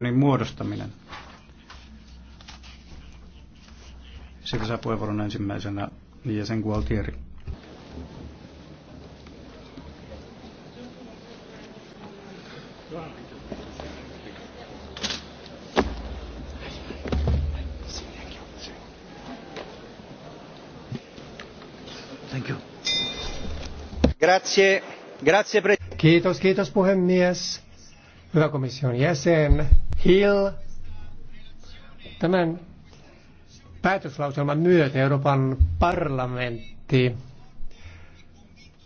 Niin muodostaminen. Sekä saa puheenvuoron ensimmäisenä jäsen Gualtieri. Thank you. Grazie, grazie. Kiitos, kiitos puhemies hyvä komission jäsen Hill. Tämän päätöslauselman myötä Euroopan parlamentti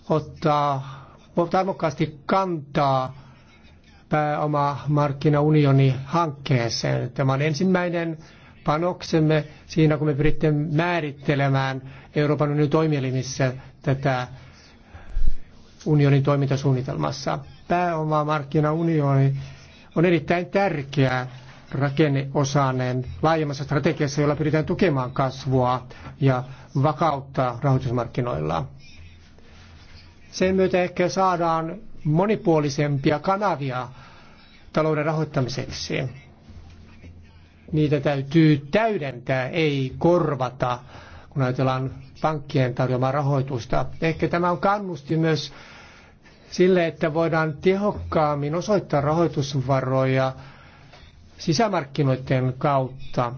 ottaa tarmokkaasti kantaa pääomamarkkinaunioni hankkeeseen. Tämä on ensimmäinen panoksemme siinä, kun me pyritte määrittelemään Euroopan unionin toimielimissä tätä unionin toimintasuunnitelmassa pääomamarkkinaunioni on erittäin tärkeä rakenneosainen laajemmassa strategiassa, jolla pyritään tukemaan kasvua ja vakautta rahoitusmarkkinoilla. Sen myötä ehkä saadaan monipuolisempia kanavia talouden rahoittamiseksi. Niitä täytyy täydentää, ei korvata, kun ajatellaan pankkien tarjoamaa rahoitusta. Ehkä tämä on kannusti myös sille, että voidaan tehokkaammin osoittaa rahoitusvaroja sisämarkkinoiden kautta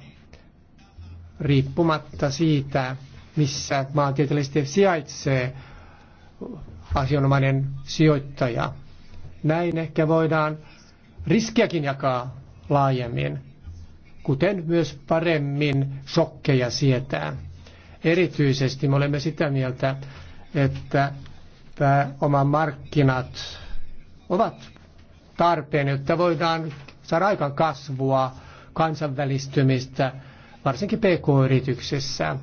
riippumatta siitä, missä maantieteellisesti sijaitsee asianomainen sijoittaja. Näin ehkä voidaan riskiäkin jakaa laajemmin, kuten myös paremmin shokkeja sietää. Erityisesti me olemme sitä mieltä, että markkinat ovat tarpeen, jotta voidaan saada aikaan kasvua, kansainvälistymistä, varsinkin pk-yrityksissä,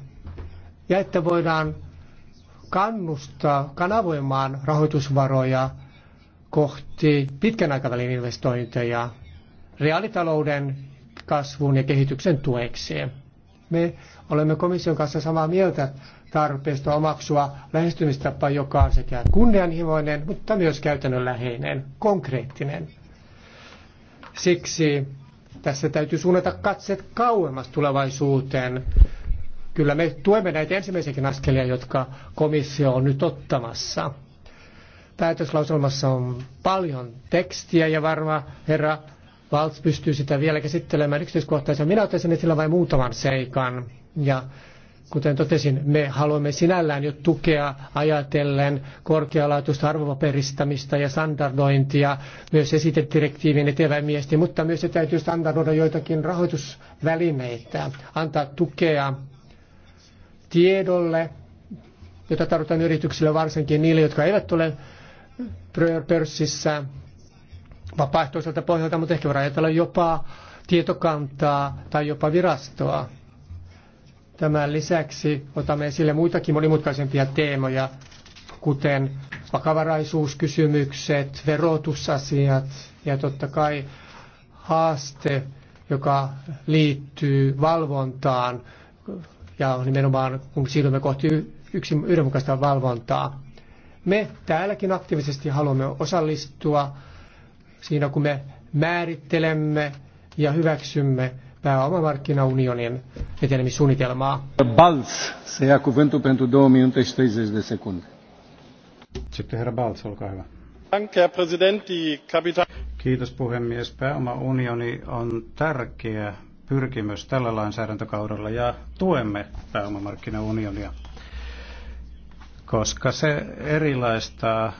ja että voidaan kannustaa kanavoimaan rahoitusvaroja kohti pitkän aikavälin investointeja reaalitalouden kasvun ja kehityksen tueksi. Me olemme komission kanssa samaa mieltä tarpeesta omaksua lähestymistapa, joka on sekä kunnianhimoinen, mutta myös käytännönläheinen, konkreettinen. Siksi tässä täytyy suunnata katset kauemmas tulevaisuuteen. Kyllä me tuemme näitä ensimmäisiäkin askelia, jotka komissio on nyt ottamassa. Päätöslauselmassa on paljon tekstiä ja varma herra Valts pystyy sitä vielä käsittelemään yksityiskohtaisen. Minä ottaisin esillä vain muutaman seikan. Ja kuten totesin, me haluamme sinällään jo tukea ajatellen korkealaatuista arvopaperistamista ja standardointia, myös esitedirektiivin miesti, mutta myös se täytyy standardoida joitakin rahoitusvälineitä, antaa tukea tiedolle, jota tarvitaan yrityksille, varsinkin niille, jotka eivät ole pörssissä vapaaehtoiselta pohjalta, mutta ehkä voidaan ajatella jopa tietokantaa tai jopa virastoa. Tämän lisäksi otamme esille muitakin monimutkaisempia teemoja, kuten vakavaraisuuskysymykset, verotusasiat ja totta kai haaste, joka liittyy valvontaan ja nimenomaan kun siirrymme kohti yksin yhdenmukaista valvontaa. Me täälläkin aktiivisesti haluamme osallistua siinä kun me määrittelemme ja hyväksymme pääomamarkkinaunionin etenemissuunnitelmaa. Balz, se jää kuventu pentu 2 minuutte 30 de sekunde. Sitten herra Balz, olkaa hyvä. Kiitos puhemies. Pääomaunioni on tärkeä pyrkimys tällä lainsäädäntökaudella ja tuemme pääomamarkkinaunionia, koska se erilaistaa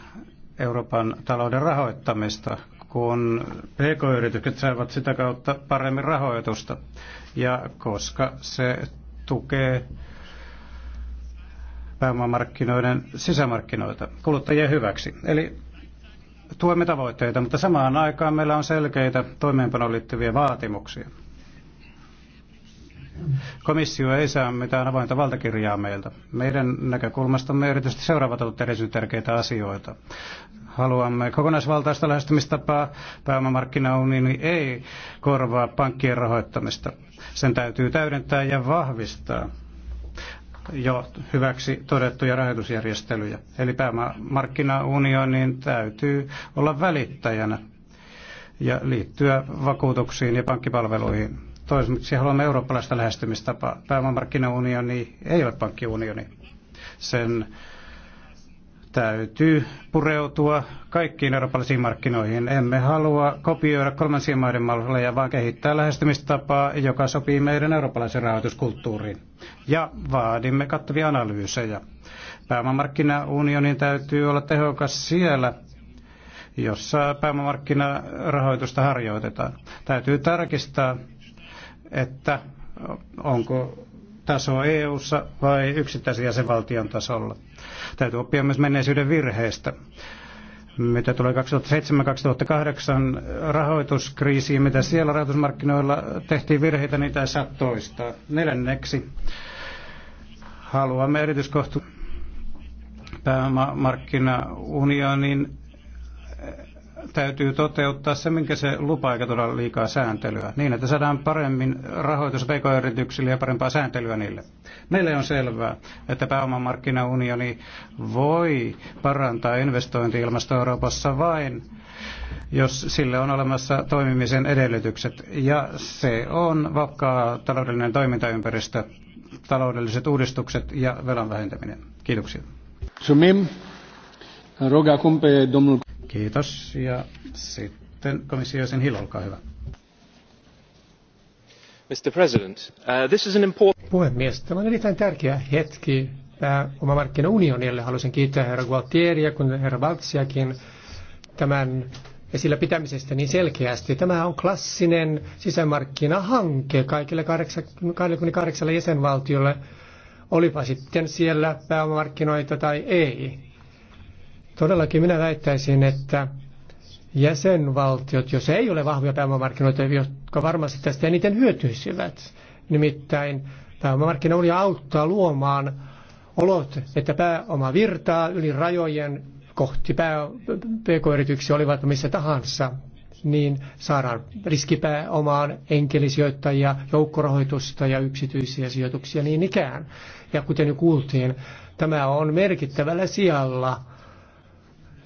Euroopan talouden rahoittamista kun pk-yritykset saavat sitä kautta paremmin rahoitusta ja koska se tukee pääomamarkkinoiden sisämarkkinoita kuluttajien hyväksi. Eli tuemme tavoitteita, mutta samaan aikaan meillä on selkeitä toimeenpanoon liittyviä vaatimuksia. Komissio ei saa mitään avointa valtakirjaa meiltä. Meidän näkökulmastamme erityisesti seuraavat ovat erityisen tärkeitä asioita haluamme kokonaisvaltaista lähestymistapaa. Pääomamarkkinaunioni ei korvaa pankkien rahoittamista. Sen täytyy täydentää ja vahvistaa jo hyväksi todettuja rahoitusjärjestelyjä. Eli pääomamarkkinaunionin täytyy olla välittäjänä ja liittyä vakuutuksiin ja pankkipalveluihin. Toiseksi haluamme eurooppalaista lähestymistapaa. Pääomamarkkinaunioni ei ole pankkiunioni. Sen täytyy pureutua kaikkiin eurooppalaisiin markkinoihin. Emme halua kopioida kolmansien maiden malleja, vaan kehittää lähestymistapaa, joka sopii meidän eurooppalaisen rahoituskulttuuriin. Ja vaadimme kattavia analyysejä. Pääomamarkkinaunionin täytyy olla tehokas siellä, jossa pääomamarkkinarahoitusta harjoitetaan. Täytyy tarkistaa, että onko taso EU-ssa vai yksittäisen jäsenvaltion tasolla. Täytyy oppia myös menneisyyden virheestä mitä tulee 2007-2008 rahoituskriisiin, mitä siellä rahoitusmarkkinoilla tehtiin virheitä, niin tämä saa toistaa. Neljänneksi haluamme erityiskohtu pääomamarkkinaunionin täytyy toteuttaa se, minkä se lupaa, eikä tuoda liikaa sääntelyä, niin että saadaan paremmin rahoitus pk-yrityksille ja parempaa sääntelyä niille. Meille on selvää, että pääomamarkkinaunioni voi parantaa investointi Euroopassa vain, jos sille on olemassa toimimisen edellytykset. Ja se on vakaa taloudellinen toimintaympäristö, taloudelliset uudistukset ja velan vähentäminen. Kiitoksia. Sumim. Rog acum domnul Kiitos. Ja sitten komissio sen Hill, olkaa hyvä. Mr. President, uh, this is an important... Puhemies, tämä on erittäin tärkeä hetki tämä oma unionille Haluaisin kiittää herra Gualtieria kuin herra Valtsiakin tämän esillä pitämisestä niin selkeästi. Tämä on klassinen sisämarkkinahanke kaikille 28 jäsenvaltiolle, olipa sitten siellä pääomamarkkinoita tai ei. Todellakin minä väittäisin, että jäsenvaltiot, jos ei ole vahvoja pääomamarkkinoita, jotka varmasti tästä eniten hyötyisivät. Nimittäin oli auttaa luomaan olot, että pääoma virtaa yli rajojen kohti pää, pk-yrityksiä olivat missä tahansa, niin saadaan riskipääomaan enkelisijoittajia, joukkorahoitusta ja yksityisiä sijoituksia niin ikään. Ja kuten jo kuultiin, tämä on merkittävällä sijalla –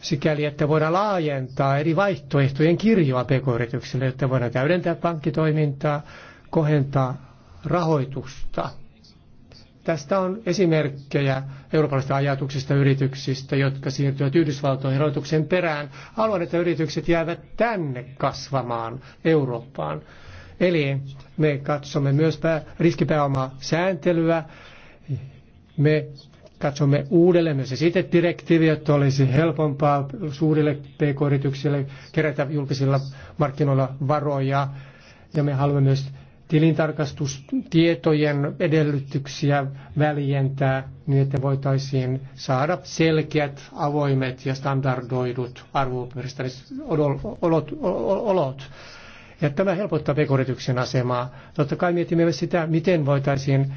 sikäli, että voidaan laajentaa eri vaihtoehtojen kirjoa pk-yrityksille, jotta voidaan täydentää pankkitoimintaa, kohentaa rahoitusta. Tästä on esimerkkejä eurooppalaisista ajatuksista yrityksistä, jotka siirtyvät Yhdysvaltoihin rahoituksen perään. Haluan, että yritykset jäävät tänne kasvamaan Eurooppaan. Eli me katsomme myös riskipääomasääntelyä. Me katsomme uudelleen myös esitedirektiiviä, että olisi helpompaa suurille pk-yrityksille kerätä julkisilla markkinoilla varoja. Ja me haluamme myös tilintarkastustietojen edellytyksiä väljentää niin, että voitaisiin saada selkeät, avoimet ja standardoidut arvoperusteelliset olot. Ja tämä helpottaa pk asemaa. Totta kai mietimme myös sitä, miten voitaisiin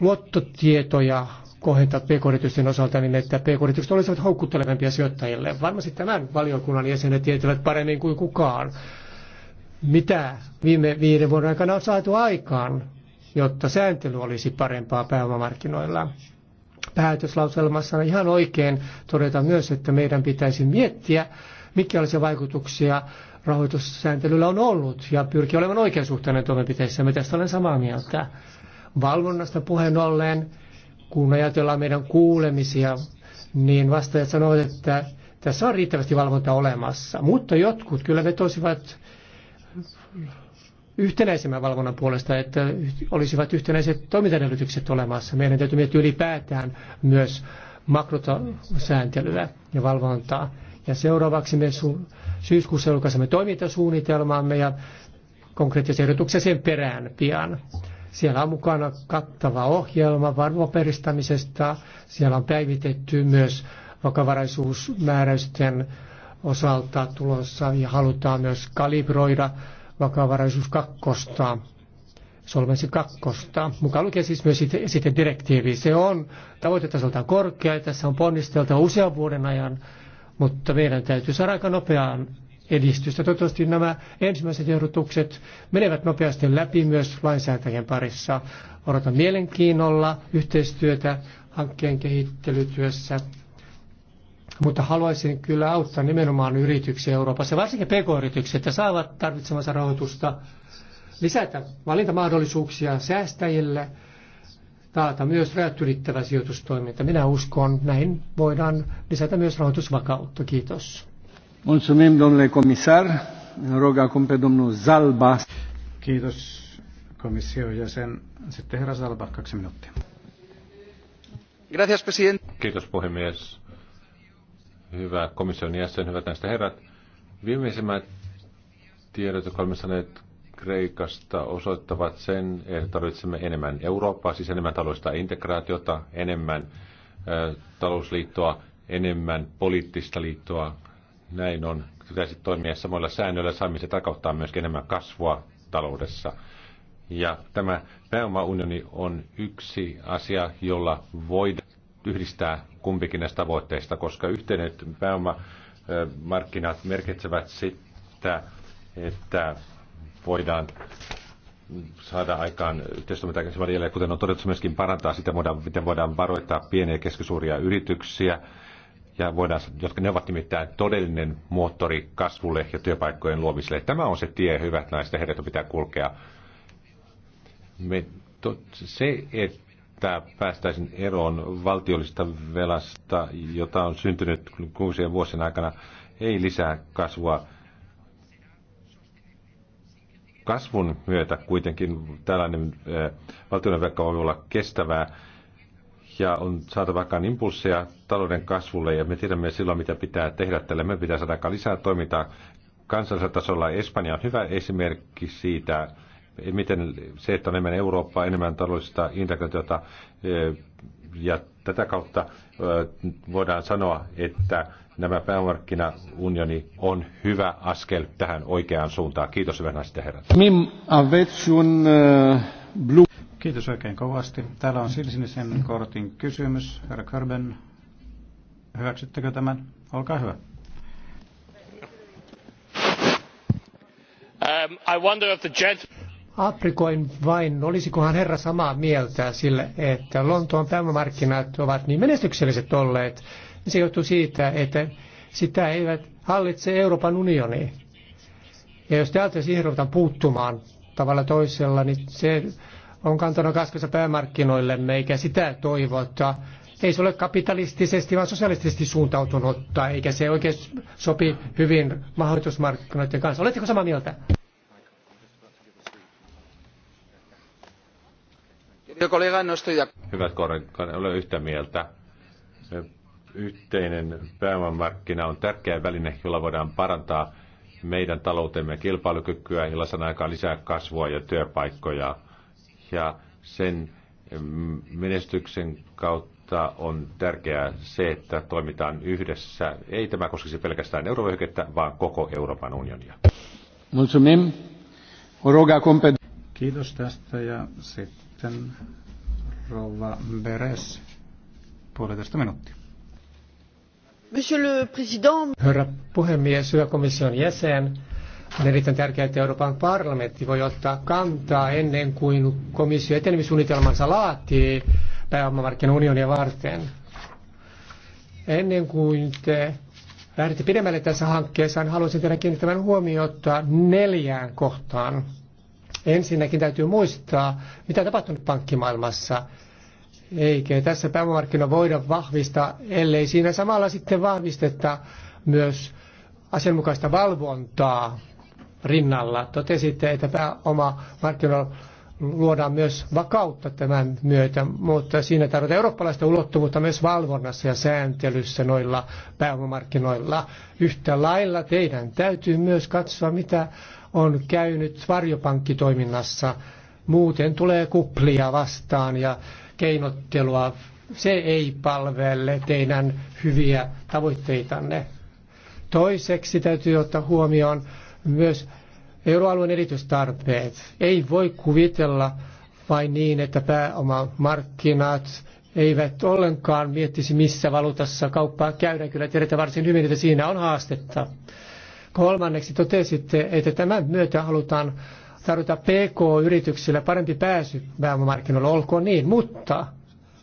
luottotietoja kohentaa pk-yritysten osalta niin, että pk-yritykset olisivat houkuttelevampia sijoittajille. Varmasti tämän valiokunnan jäsenet tietävät paremmin kuin kukaan, mitä viime viiden vuoden aikana on saatu aikaan, jotta sääntely olisi parempaa pääomamarkkinoilla. Päätöslauselmassa ihan oikein todeta myös, että meidän pitäisi miettiä, mikä olisi vaikutuksia rahoitussääntelyllä on ollut ja pyrkii olemaan oikeasuhtainen toimenpiteissä. Me tästä olen samaa mieltä. Valvonnasta puheen ollen kun ajatellaan meidän kuulemisia, niin vastaajat sanovat, että tässä on riittävästi valvonta olemassa. Mutta jotkut kyllä vetosivat yhtenäisemmän valvonnan puolesta, että olisivat yhtenäiset toimintaedellytykset olemassa. Meidän täytyy miettiä ylipäätään myös makrosääntelyä ja valvontaa. Ja seuraavaksi me syyskuussa julkaisemme toimintasuunnitelmaamme ja konkreettisia ehdotuksia sen perään pian. Siellä on mukana kattava ohjelma varvoperistamisesta. Siellä on päivitetty myös vakavaraisuusmääräysten osalta tulossa ja halutaan myös kalibroida vakavaraisuus kakkosta, solvensi kakkosta, mukaan lukee siis myös sitten direktiivi. Se on tavoitetasoltaan korkea ja tässä on ponnisteltava usean vuoden ajan, mutta meidän täytyy saada aika nopeaan edistystä. Toivottavasti nämä ensimmäiset ehdotukset menevät nopeasti läpi myös lainsäätäjien parissa. Odotan mielenkiinnolla yhteistyötä hankkeen kehittelytyössä. Mutta haluaisin kyllä auttaa nimenomaan yrityksiä Euroopassa, varsinkin pk-yrityksiä, että saavat tarvitsemansa rahoitusta, lisätä valintamahdollisuuksia säästäjille, taata myös rajat ylittävä sijoitustoiminta. Minä uskon, näin voidaan lisätä myös rahoitusvakautta. Kiitos. Mulțumim, domnule comisar. Rog acum pe domnul Zalba. Kiitos komission jäsen. Sitten herra Zalba, kaksi minuuttia. Gracias, president. Kiitos puhemies. Hyvä komission jäsen, hyvät näistä herrat. Viimeisimmät tiedot, jotka olemme saaneet Kreikasta, osoittavat sen, että tarvitsemme enemmän Eurooppaa, siis enemmän taloudellista integraatiota, enemmän talousliittoa, enemmän poliittista liittoa, näin on. Pitäisi toimia samoilla säännöillä, saamme se tarkoittaa myöskin enemmän kasvua taloudessa. Ja tämä pääomaunioni on yksi asia, jolla voidaan yhdistää kumpikin näistä tavoitteista, koska yhteinen pääomamarkkinat merkitsevät sitä, että voidaan saada aikaan yhteistoimintaa kuten on todettu, myöskin parantaa sitä, miten voidaan varoittaa pieniä ja keskisuuria yrityksiä ja voidaan, jotka ne ovat nimittäin todellinen moottori kasvulle ja työpaikkojen luomiselle. Tämä on se tie, hyvät naiset ja herrat, pitää kulkea. Me, to, se, että päästäisiin eroon valtiollista velasta, jota on syntynyt kuusien vuosien aikana, ei lisää kasvua. Kasvun myötä kuitenkin tällainen eh, valtionvelka voi olla kestävää ja on saatava aikaan impulsseja talouden kasvulle ja me tiedämme silloin, mitä pitää tehdä tälle. Me pitää saada aikaan lisää toimintaa kansallisella tasolla. Espanja on hyvä esimerkki siitä, miten se, että on enemmän Eurooppaa, enemmän taloudellista integraatiota e, ja tätä kautta e, voidaan sanoa, että nämä pääomarkkinaunioni on hyvä askel tähän oikeaan suuntaan. Kiitos hyvän naisten herrat. Mim e, blue Kiitos oikein kovasti. Täällä on silsinisen kortin kysymys. Herra Körben, hyväksyttekö tämän? Olkaa hyvä. Um, I wonder if the gent... Aprikoin vain, olisikohan herra samaa mieltä sillä, että Lontoon pääomamarkkinat ovat niin menestykselliset olleet. Se johtuu siitä, että sitä eivät hallitse Euroopan unioni. Ja jos täältä siihen ruvetaan puuttumaan tavalla toisella, niin se on kantanut kaskensa päämarkkinoillemme, eikä sitä toivota. Ei se ole kapitalistisesti, vaan sosialistisesti suuntautunutta, eikä se oikein sopi hyvin mahdollisuusmarkkinoiden kanssa. Oletteko samaa mieltä? Hyvät kollegat, en ole yhtä mieltä. Yhteinen pääomamarkkina on tärkeä väline, jolla voidaan parantaa meidän taloutemme kilpailukykyä, jolla saadaan aikaan lisää kasvua ja työpaikkoja ja sen menestyksen kautta on tärkeää se, että toimitaan yhdessä. Ei tämä koskisi pelkästään eurovyöhykettä, vaan koko Euroopan unionia. Kiitos tästä ja sitten Rova Beres, puolitoista minuuttia. Monsieur le Président. Herra puhemies, hyvä komission jäsen on erittäin tärkeää, että Euroopan parlamentti voi ottaa kantaa ennen kuin komissio etenemissuunnitelmansa laatii unionia varten. Ennen kuin te lähdette pidemmälle tässä hankkeessa, niin haluaisin teidän kiinnittämään huomiota neljään kohtaan. Ensinnäkin täytyy muistaa, mitä on tapahtunut pankkimaailmassa. Eikä tässä pääomamarkkina voida vahvistaa, ellei siinä samalla sitten vahvisteta myös asianmukaista valvontaa rinnalla. Totesitte, että pääoma markkinoilla luodaan myös vakautta tämän myötä, mutta siinä tarvitaan eurooppalaista ulottuvuutta myös valvonnassa ja sääntelyssä noilla pääomamarkkinoilla. Yhtä lailla teidän täytyy myös katsoa, mitä on käynyt varjopankkitoiminnassa. Muuten tulee kuplia vastaan ja keinottelua. Se ei palvele teidän hyviä tavoitteitanne. Toiseksi täytyy ottaa huomioon myös euroalueen erityistarpeet. Ei voi kuvitella vain niin, että pääomamarkkinat eivät ollenkaan miettisi, missä valuutassa kauppaa käydään. Kyllä tiedetään varsin hyvin, että siinä on haastetta. Kolmanneksi totesitte, että tämän myötä halutaan tarjota PK-yrityksille parempi pääsy pääomamarkkinoille, olkoon niin, mutta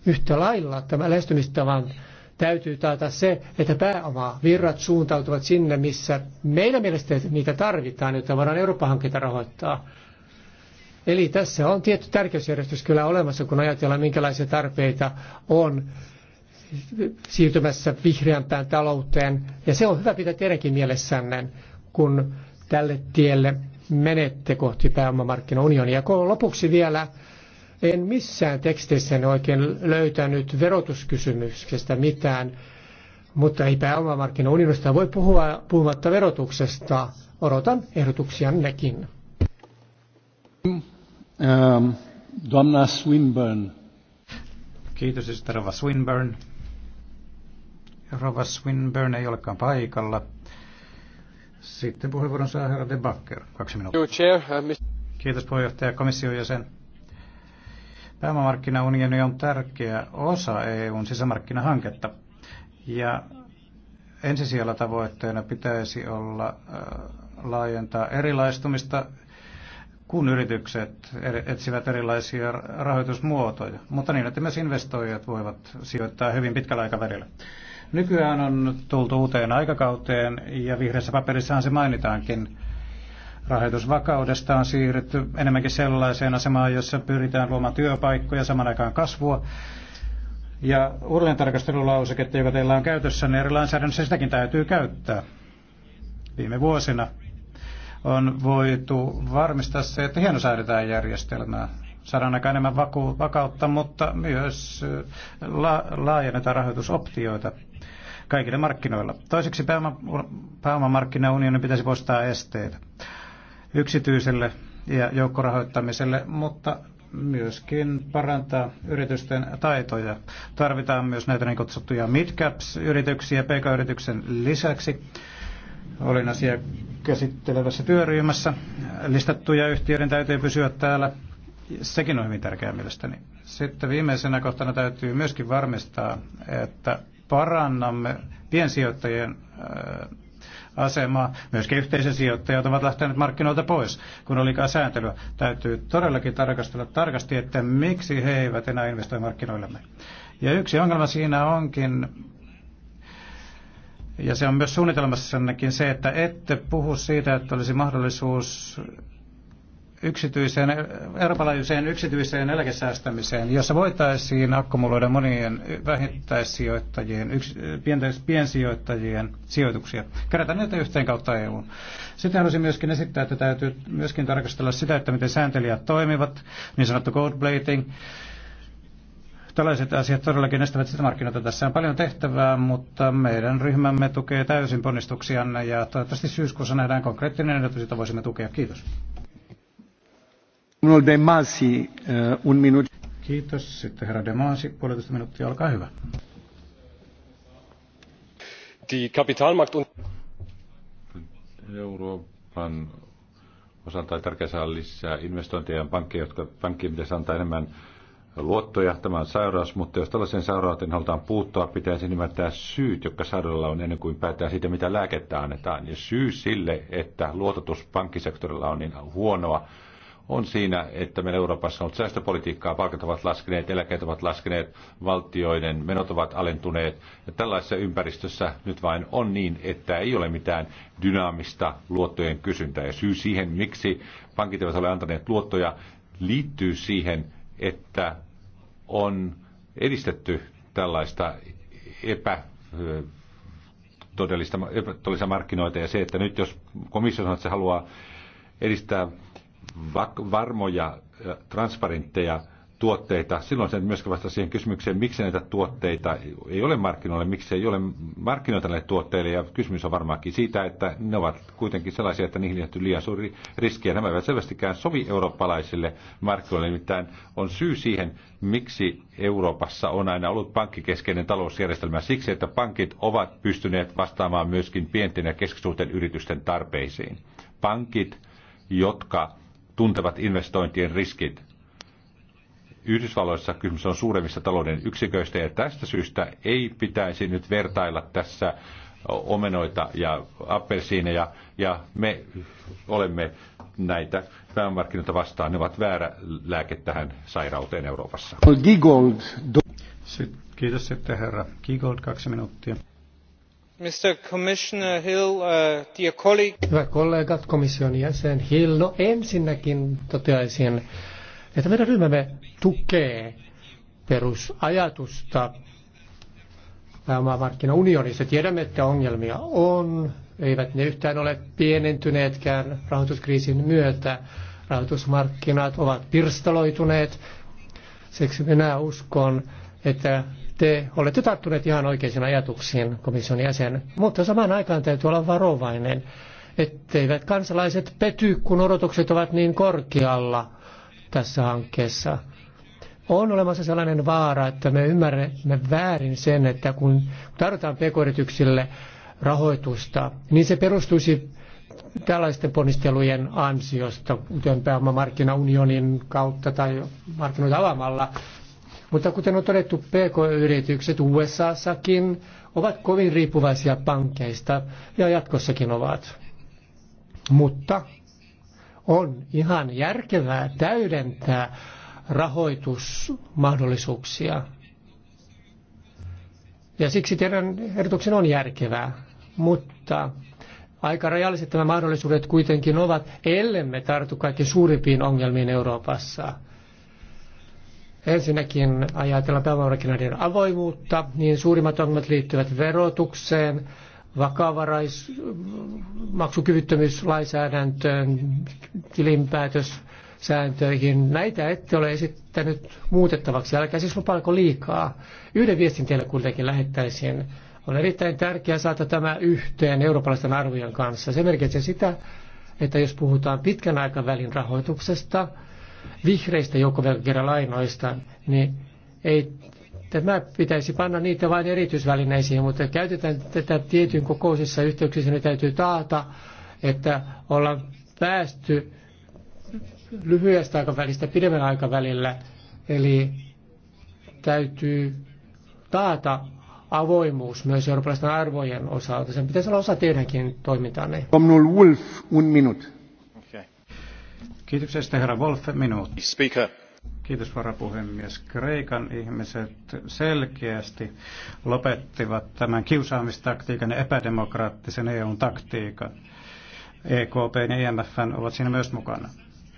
yhtä lailla tämä lähestymistavan Täytyy taata se, että pääomavirrat suuntautuvat sinne, missä meidän mielestä niitä tarvitaan, jotta voidaan Eurooppa-hankkeita rahoittaa. Eli tässä on tietty tärkeysjärjestys kyllä olemassa, kun ajatellaan, minkälaisia tarpeita on siirtymässä vihreämpään talouteen. Ja se on hyvä pitää teidänkin mielessänne, kun tälle tielle menette kohti pääomamarkkinaunionia. Ja lopuksi vielä en missään teksteissä oikein löytänyt verotuskysymyksestä mitään, mutta ei pääomamarkkinaunionista voi puhua puhumatta verotuksesta. Odotan ehdotuksia nekin. Um, ähm, Donna Swinburne. Kiitos, ystävä Swinburne. Rova Swinburne ei olekaan paikalla. Sitten puheenvuoron saa herra De Backer. Kaksi minuuttia. Uh, Kiitos puheenjohtaja komission jäsen. Pääomamarkkinaunioni on tärkeä osa EUn sisämarkkinahanketta ja ensisijalla tavoitteena pitäisi olla äh, laajentaa erilaistumista, kun yritykset etsivät erilaisia rahoitusmuotoja, mutta niin, että myös investoijat voivat sijoittaa hyvin pitkällä aikavälillä. Nykyään on tultu uuteen aikakauteen ja vihreässä paperissahan se mainitaankin Rahoitusvakaudesta on siirrytty enemmänkin sellaiseen asemaan, jossa pyritään luomaan työpaikkoja saman aikaan kasvua. Ja uudelleentarkastelulauseketta, joka teillä on käytössä, niin eri lainsäädännössä sitäkin täytyy käyttää. Viime vuosina on voitu varmistaa se, että säädetään järjestelmää. Saadaan aika enemmän vaku- vakautta, mutta myös äh, la- laajennetaan rahoitusoptioita kaikille markkinoilla. Toiseksi pääoma- pääomamarkkinaunionin pitäisi poistaa esteitä yksityiselle ja joukkorahoittamiselle, mutta myöskin parantaa yritysten taitoja. Tarvitaan myös näitä niin kutsuttuja midcaps-yrityksiä pk-yrityksen lisäksi. Olin asia käsittelevässä työryhmässä. Listattuja yhtiöiden täytyy pysyä täällä. Sekin on hyvin tärkeää mielestäni. Sitten viimeisenä kohtana täytyy myöskin varmistaa, että parannamme piensijoittajien äh, asemaa. Myöskin yhteisösijoittajat ovat lähteneet markkinoilta pois, kun oli sääntelyä. Täytyy todellakin tarkastella tarkasti, että miksi he eivät enää investoi markkinoillemme. Ja yksi ongelma siinä onkin, ja se on myös suunnitelmassannekin se, että ette puhu siitä, että olisi mahdollisuus yksityiseen, Euroopan laajuiseen yksityiseen eläkesäästämiseen, jossa voitaisiin akkumuloida monien vähittäissijoittajien, yks, pienten, piensijoittajien sijoituksia. Kerätä niitä yhteen kautta EUn. Sitten haluaisin myöskin esittää, että täytyy myöskin tarkastella sitä, että miten sääntelijät toimivat, niin sanottu codeblating. Tällaiset asiat todellakin estävät sitä markkinoita. Tässä on paljon tehtävää, mutta meidän ryhmämme tukee täysin ponnistuksianne ja toivottavasti syyskuussa nähdään konkreettinen ehdotus, jota voisimme tukea. Kiitos. De Masi, eh, un Kiitos. Sitten herra De Masi, puolitoista minuuttia, olkaa hyvä. Die Kapitalmarkt und Euroopan osalta on tärkeää saada lisää investointeja ja pankkeja, jotka pankkien pitäisi antaa enemmän luottoja. Tämä on sairaus, mutta jos tällaisen sairauteen halutaan puuttua, pitäisi nimeltään syyt, jotka sairaudella on ennen kuin päättää siitä, mitä lääkettä annetaan. Ja syy sille, että luototus pankkisektorilla on niin huonoa, on siinä, että meillä Euroopassa on ollut säästöpolitiikkaa, palkat ovat laskeneet, eläkeet ovat laskeneet, valtioiden menot ovat alentuneet. Ja tällaisessa ympäristössä nyt vain on niin, että ei ole mitään dynaamista luottojen kysyntää. Ja syy siihen, miksi pankit eivät ole antaneet luottoja, liittyy siihen, että on edistetty tällaista epä todellista, todellista markkinoita ja se, että nyt jos komissio sanoo, että se haluaa edistää varmoja, transparentteja tuotteita, silloin se myöskin vastaa siihen kysymykseen, miksi näitä tuotteita ei ole markkinoille, miksi ei ole markkinoita näille tuotteille, ja kysymys on varmaankin siitä, että ne ovat kuitenkin sellaisia, että niihin liittyy liian suuri riski, ja nämä eivät selvästikään sovi eurooppalaisille markkinoille, nimittäin on syy siihen, miksi Euroopassa on aina ollut pankkikeskeinen talousjärjestelmä siksi, että pankit ovat pystyneet vastaamaan myöskin pienten ja keskisuurten yritysten tarpeisiin. Pankit, jotka tuntevat investointien riskit. Yhdysvalloissa kysymys on suuremmissa talouden yksiköistä ja tästä syystä ei pitäisi nyt vertailla tässä omenoita ja appelsiineja ja me olemme näitä pääomarkkinoita vastaan. Ne ovat väärä lääke tähän sairauteen Euroopassa. Kiitos sitten herra. Gigold kaksi minuuttia. Uh, Hyvät kollegat, komission jäsen Hill, no ensinnäkin toteaisin, että meidän ryhmämme tukee perusajatusta pääomamarkkinaunionissa. Tiedämme, että ongelmia on, eivät ne yhtään ole pienentyneetkään rahoituskriisin myötä. Rahoitusmarkkinat ovat pirstaloituneet. Siksi minä uskon, että te olette tarttuneet ihan oikeisiin ajatuksiin, komission jäsen, mutta samaan aikaan täytyy olla varovainen, etteivät kansalaiset pety, kun odotukset ovat niin korkealla tässä hankkeessa. On olemassa sellainen vaara, että me ymmärrämme väärin sen, että kun tarvitaan pk-yrityksille rahoitusta, niin se perustuisi tällaisten ponnistelujen ansiosta, kuten pääomamarkkinaunionin kautta tai markkinoita avaamalla, mutta kuten on todettu, PK-yritykset USAssakin ovat kovin riippuvaisia pankeista ja jatkossakin ovat. Mutta on ihan järkevää täydentää rahoitusmahdollisuuksia. Ja siksi teidän ehdotuksen on järkevää, mutta aika rajalliset nämä mahdollisuudet kuitenkin ovat, ellemme tartu kaikki suurimpiin ongelmiin Euroopassa – Ensinnäkin ajatella pääomamarkkinoiden avoimuutta, niin suurimmat ongelmat liittyvät verotukseen, vakavarais, maksukyvyttömyyslainsäädäntöön, tilinpäätössääntöihin. Näitä ette ole esittänyt muutettavaksi, älkää siis lupaako liikaa. Yhden viestin teille kuitenkin lähettäisiin. On erittäin tärkeää saada tämä yhteen eurooppalaisten arvojen kanssa. Se merkitsee sitä, että jos puhutaan pitkän aikavälin rahoituksesta, vihreistä joukkovelkakirjalainoista, niin ei tämä pitäisi panna niitä vain erityisvälineisiin, mutta käytetään tätä tietyn kokoisissa yhteyksissä, niin täytyy taata, että ollaan päästy lyhyestä aikavälistä pidemmän aikavälillä, eli täytyy taata avoimuus myös eurooppalaisten arvojen osalta. Sen pitäisi olla osa teidänkin toimintaanne. Komnul Wolf, un minut. Kiitoksia sitten herra minuutti. Speaker. Kiitos varapuhemies. Kreikan ihmiset selkeästi lopettivat tämän kiusaamistaktiikan ja epädemokraattisen EUn taktiikan. EKP ja IMF ovat siinä myös mukana.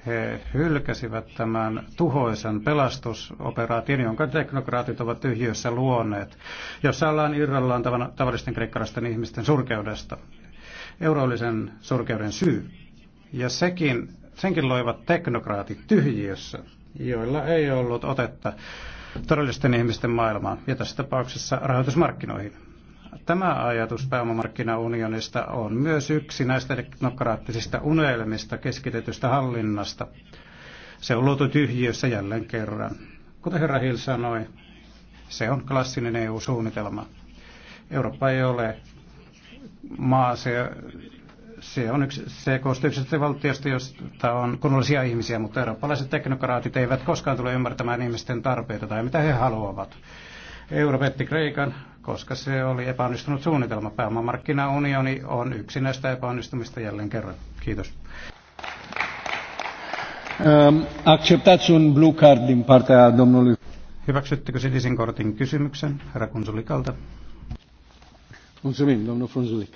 He hylkäsivät tämän tuhoisen pelastusoperaation, jonka teknokraatit ovat tyhjössä luoneet, jossa ollaan irrallaan tavallisten kreikkalaisten ihmisten surkeudesta. Eurollisen surkeuden syy. Ja sekin senkin loivat teknokraatit tyhjiössä, joilla ei ollut otetta todellisten ihmisten maailmaan ja tässä tapauksessa rahoitusmarkkinoihin. Tämä ajatus pääomamarkkinaunionista on myös yksi näistä teknokraattisista unelmista keskitetystä hallinnasta. Se on luotu tyhjiössä jälleen kerran. Kuten herra Hill sanoi, se on klassinen EU-suunnitelma. Eurooppa ei ole maa, se se, on yksi, se koostuu yksityistä valtiosta, josta on kunnollisia ihmisiä, mutta eurooppalaiset teknokraatit eivät koskaan tule ymmärtämään ihmisten tarpeita tai mitä he haluavat. Euro petti Kreikan, koska se oli epäonnistunut suunnitelma. Pääomamarkkinaunioni on yksi näistä epäonnistumista jälleen kerran. Kiitos. Um, blue Cardin partea domnului. Hyväksyttekö sinisen kortin kysymyksen herra Kunsulikalta? Mulțumim, domnul Frunzulic.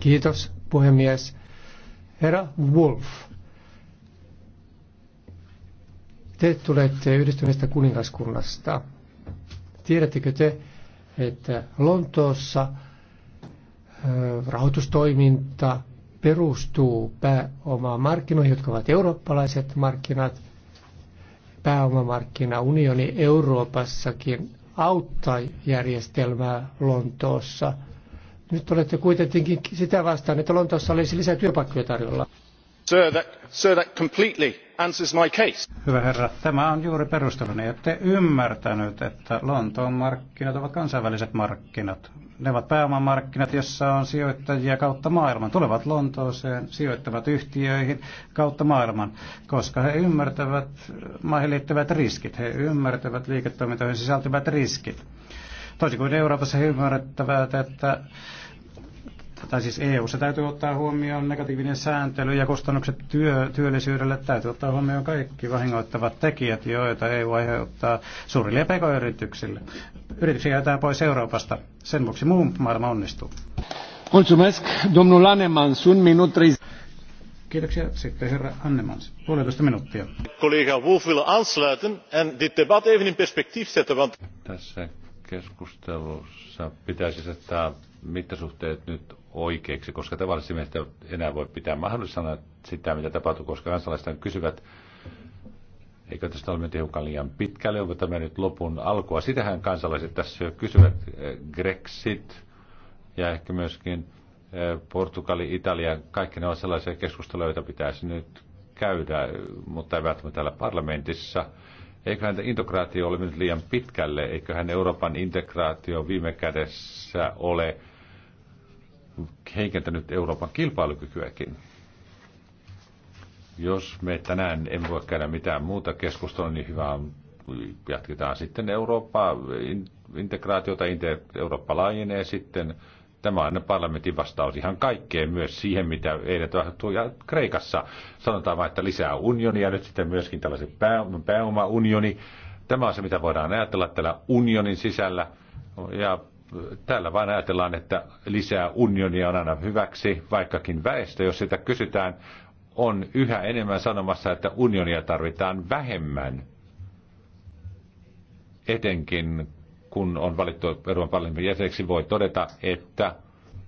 Kiitos, puhemies. Herra Wolf, te tulette yhdistyneestä kuningaskunnasta. Tiedättekö te, että Lontoossa rahoitustoiminta perustuu pääomaan markkinoihin, jotka ovat eurooppalaiset markkinat. unioni Euroopassakin auttaa järjestelmää Lontoossa – nyt olette kuitenkin sitä vastaan, että Lontoossa olisi lisää työpaikkoja tarjolla. Sir, that, sir, that completely answers my case. Hyvä herra, tämä on juuri perusteluni. Ette ymmärtänyt, että Lontoon markkinat ovat kansainväliset markkinat. Ne ovat pääomamarkkinat, jossa on sijoittajia kautta maailman. Tulevat Lontooseen, sijoittavat yhtiöihin kautta maailman, koska he ymmärtävät maihin liittyvät riskit. He ymmärtävät liiketoimintoihin sisältyvät riskit Toisin kuin Euroopassa ymmärrettävää, että tai siis eu se täytyy ottaa huomioon negatiivinen sääntely ja kustannukset työ, työllisyydelle. Täytyy ottaa huomioon kaikki vahingoittavat tekijät, joita EU aiheuttaa suurille ja pk-yrityksille. Yrityksiä jätetään pois Euroopasta. Sen vuoksi muun maailma onnistuu. Mulțumesc, domnul Anemans, un minut Kiitoksia. Sitten herra Annemans, puolitoista minuuttia. Kollega Wolf wil aansluiten en dit debat even in perspectief zetten, want... Tässä keskustelussa pitäisi asettaa mittasuhteet nyt oikeiksi, koska tavallisesti meistä enää voi pitää mahdollisena sitä, mitä tapahtuu, koska kansalaiset kysyvät, eikö tästä ole mennyt hiukan liian pitkälle, onko tämä nyt lopun alkua. Sitähän kansalaiset tässä kysyvät eh, Grexit ja ehkä myöskin eh, Portugali, Italia, kaikki ne ovat sellaisia keskusteluja, joita pitäisi nyt käydä, mutta ei välttämättä täällä parlamentissa – Eikö hänen integraatio ole mennyt liian pitkälle? Eiköhän Euroopan integraatio viime kädessä ole heikentänyt Euroopan kilpailukykyäkin? Jos me tänään emme voi käydä mitään muuta keskustelua, niin hyvä jatketaan sitten Eurooppaa, integraatiota, Eurooppa laajenee sitten Tämä on parlamentin vastaus ihan kaikkeen, myös siihen, mitä eilen tapahtui Kreikassa. Sanotaan vain, että lisää unionia, nyt sitten myöskin tällaisen pääomaunioni. Tämä on se, mitä voidaan ajatella tällä unionin sisällä. Ja täällä vain ajatellaan, että lisää unionia on aina hyväksi, vaikkakin väestö, jos sitä kysytään, on yhä enemmän sanomassa, että unionia tarvitaan vähemmän, etenkin kun on valittu Euroopan parlamentin jäseneksi, voi todeta, että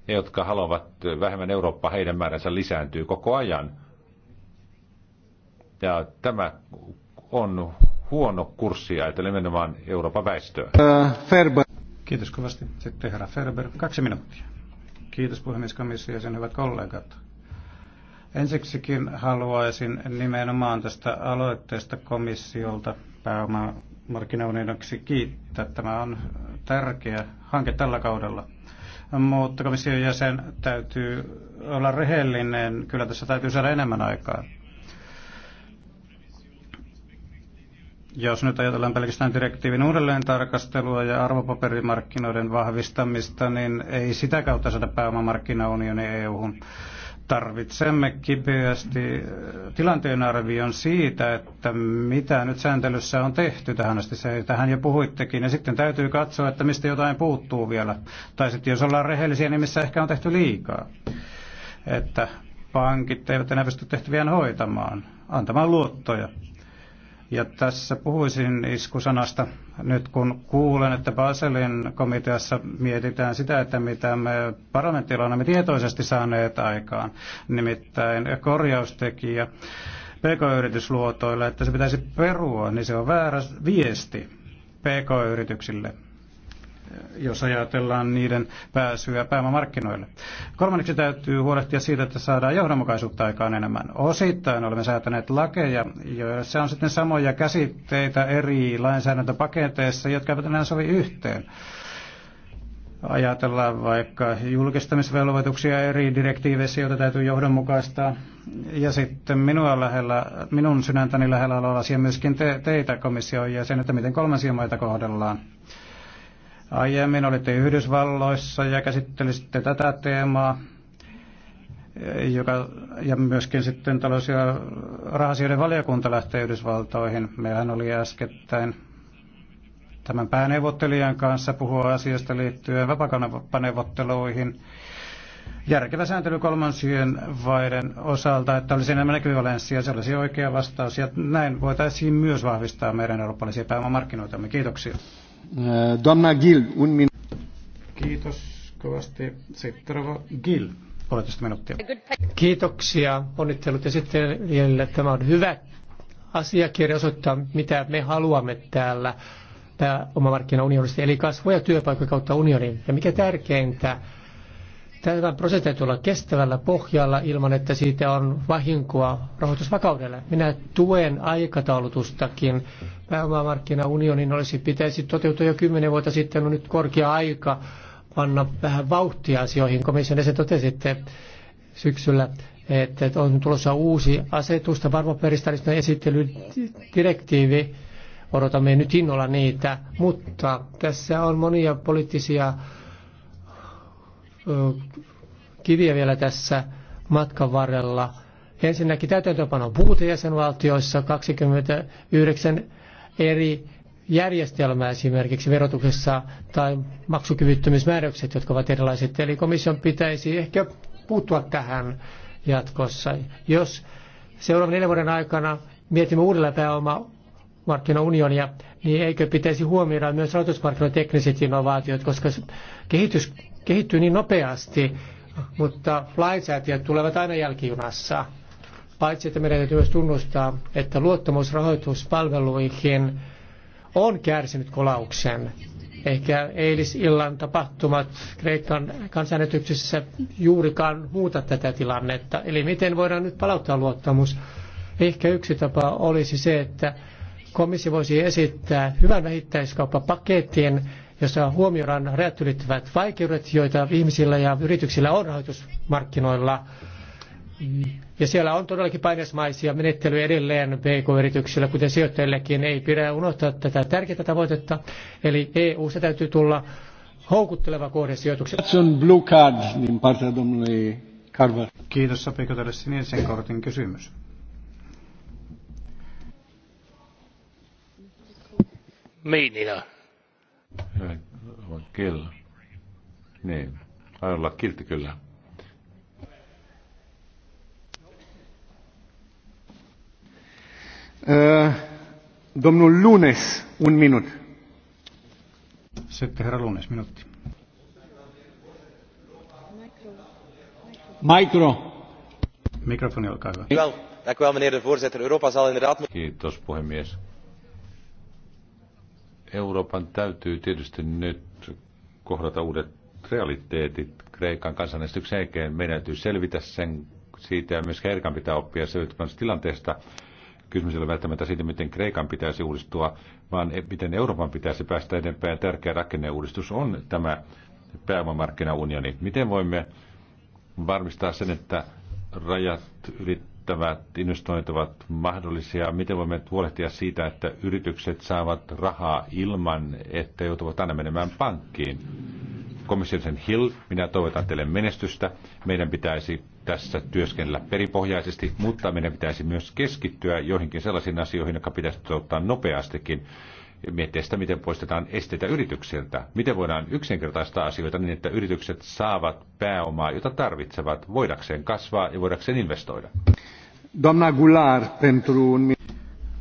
ne, jotka haluavat vähemmän Eurooppaa, heidän määränsä lisääntyy koko ajan. Ja tämä on huono kurssi ajatellen nimenomaan Euroopan väestöä. Äh, Ferber. Kiitos kovasti. Sitten herra Ferber. Kaksi minuuttia. Kiitos puhemieskomissio ja sen hyvät kollegat. Ensiksikin haluaisin nimenomaan tästä aloitteesta komissiolta pääoma markkinaunionaksi kiittää. Tämä on tärkeä hanke tällä kaudella. Mutta komission jäsen täytyy olla rehellinen. Kyllä tässä täytyy saada enemmän aikaa. Jos nyt ajatellaan pelkästään direktiivin uudelleen tarkastelua ja arvopaperimarkkinoiden vahvistamista, niin ei sitä kautta saada pääomamarkkinaunioni EU-hun tarvitsemme kipeästi äh, tilanteen arvion siitä, että mitä nyt sääntelyssä on tehty tähän asti. Se, tähän jo puhuittekin. Ja sitten täytyy katsoa, että mistä jotain puuttuu vielä. Tai sitten jos ollaan rehellisiä, niin missä ehkä on tehty liikaa. Että pankit eivät enää pysty tehtäviään hoitamaan, antamaan luottoja. Ja tässä puhuisin iskusanasta nyt kun kuulen, että Baselin komiteassa mietitään sitä, että mitä me parlamenttilla olemme tietoisesti saaneet aikaan, nimittäin korjaustekijä pk-yritysluotoille, että se pitäisi perua, niin se on väärä viesti pk-yrityksille jos ajatellaan niiden pääsyä pääomamarkkinoille. Kolmanneksi täytyy huolehtia siitä, että saadaan johdonmukaisuutta aikaan enemmän. Osittain olemme säätäneet lakeja, joissa on sitten samoja käsitteitä eri lainsäädäntöpaketeissa, jotka eivät enää sovi yhteen. Ajatellaan vaikka julkistamisvelvoituksia eri direktiiveissä, joita täytyy johdonmukaistaa. Ja sitten minua lähellä, minun sydäntäni lähellä oleva asia myöskin te, teitä komission jäsen, että miten kolmansia maita kohdellaan Aiemmin olitte Yhdysvalloissa ja käsittelisitte tätä teemaa, joka, ja myöskin sitten talous- ja rahasioiden valiokunta lähtee Yhdysvaltoihin. Meillähän oli äskettäin tämän pääneuvottelijan kanssa puhua asiasta liittyen vapakauppaneuvotteluihin. Järkevä sääntely kolmansien vaiden osalta, että olisi enemmän ekvivalenssia, se olisi oikea vastaus. Ja näin voitaisiin myös vahvistaa meidän eurooppalaisia pääomamarkkinoitamme. Kiitoksia. Eh, Donna Gill, un min... Kiitos kovasti. Seitterava Gill, puolitoista minuuttia. Kiitoksia, onnittelut esittelijälle. Tämä on hyvä asiakirja osoittaa, mitä me haluamme täällä tämä oma markkinaunionista, eli kasvua ja työpaikkoja kautta unionin. Ja mikä tärkeintä, Tämä prosessin täytyy olla kestävällä pohjalla ilman, että siitä on vahinkoa rahoitusvakaudelle. Minä tuen aikataulutustakin. Pääomamarkkinaunionin olisi pitäisi toteutua jo kymmenen vuotta sitten, on nyt korkea aika panna vähän vauhtia asioihin. Komission jäsen totesitte syksyllä, että on tulossa uusi asetus, varmoperistarista esittelydirektiivi. Odotamme nyt innolla niitä, mutta tässä on monia poliittisia kiviä vielä tässä matkan varrella. Ensinnäkin täytäntöönpanon puute jäsenvaltioissa 29 eri järjestelmää esimerkiksi verotuksessa tai maksukyvyttömyysmääräykset, jotka ovat erilaiset. Eli komission pitäisi ehkä puuttua tähän jatkossa. Jos seuraavan neljän vuoden aikana mietimme uudelleen pääoma markkinaunionia, niin eikö pitäisi huomioida myös rahoitusmarkkinoiden tekniset innovaatiot, koska kehitys kehittyy niin nopeasti, mutta lainsäätäjät tulevat aina jälkijunassa. Paitsi, että meidän täytyy myös tunnustaa, että luottamusrahoituspalveluihin on kärsinyt kolauksen. Ehkä eilisillan tapahtumat Kreikan kansanäänestyksessä juurikaan muuta tätä tilannetta. Eli miten voidaan nyt palauttaa luottamus? Ehkä yksi tapa olisi se, että komissio voisi esittää hyvän vähittäiskauppapaketin, jossa huomioidaan rajat ylittävät vaikeudet, joita ihmisillä ja yrityksillä on rahoitusmarkkinoilla. Ja siellä on todellakin painesmaisia menettelyjä edelleen PK-yrityksillä, kuten sijoittajillekin. Ei pidä unohtaa tätä tärkeää tavoitetta, eli EU-sta täytyy tulla houkutteleva kohde sijoituksille. Blue card, niin Kiitos. Sopiiko teille sinisen kortin kysymys? Meinina. Kyllä. Niin. Aiolla kiltti kyllä. Äh, Domnul Lunes, un minut. Sitten herra Lunes, minutti. Mikro. Mikrofoni, olkaa hyvä. Dank u wel, meneer de voorzitter. Europa zal inderdaad... Kiitos, puhemies. Euroopan täytyy tietysti nyt kohdata uudet realiteetit Kreikan kansanäänestyksen jälkeen. Meidän täytyy selvitä sen siitä ja myös Kreikan pitää oppia selvityksen tilanteesta. Kysymys ei ole välttämättä siitä, miten Kreikan pitäisi uudistua, vaan e- miten Euroopan pitäisi päästä eteenpäin. Tärkeä rakenneuudistus on tämä pääomamarkkinaunioni. Miten voimme varmistaa sen, että rajat ylittävät riittävät investoinnit mahdollisia? Miten voimme huolehtia siitä, että yritykset saavat rahaa ilman, että joutuvat aina menemään pankkiin? Komissiosen Hill, minä toivotan teille menestystä. Meidän pitäisi tässä työskennellä peripohjaisesti, mutta meidän pitäisi myös keskittyä joihinkin sellaisiin asioihin, jotka pitäisi ottaa nopeastikin miettiä sitä, miten poistetaan esteitä yrityksiltä. Miten voidaan yksinkertaistaa asioita niin, että yritykset saavat pääomaa, jota tarvitsevat, voidakseen kasvaa ja voidakseen investoida. Domna Gular, pentru un...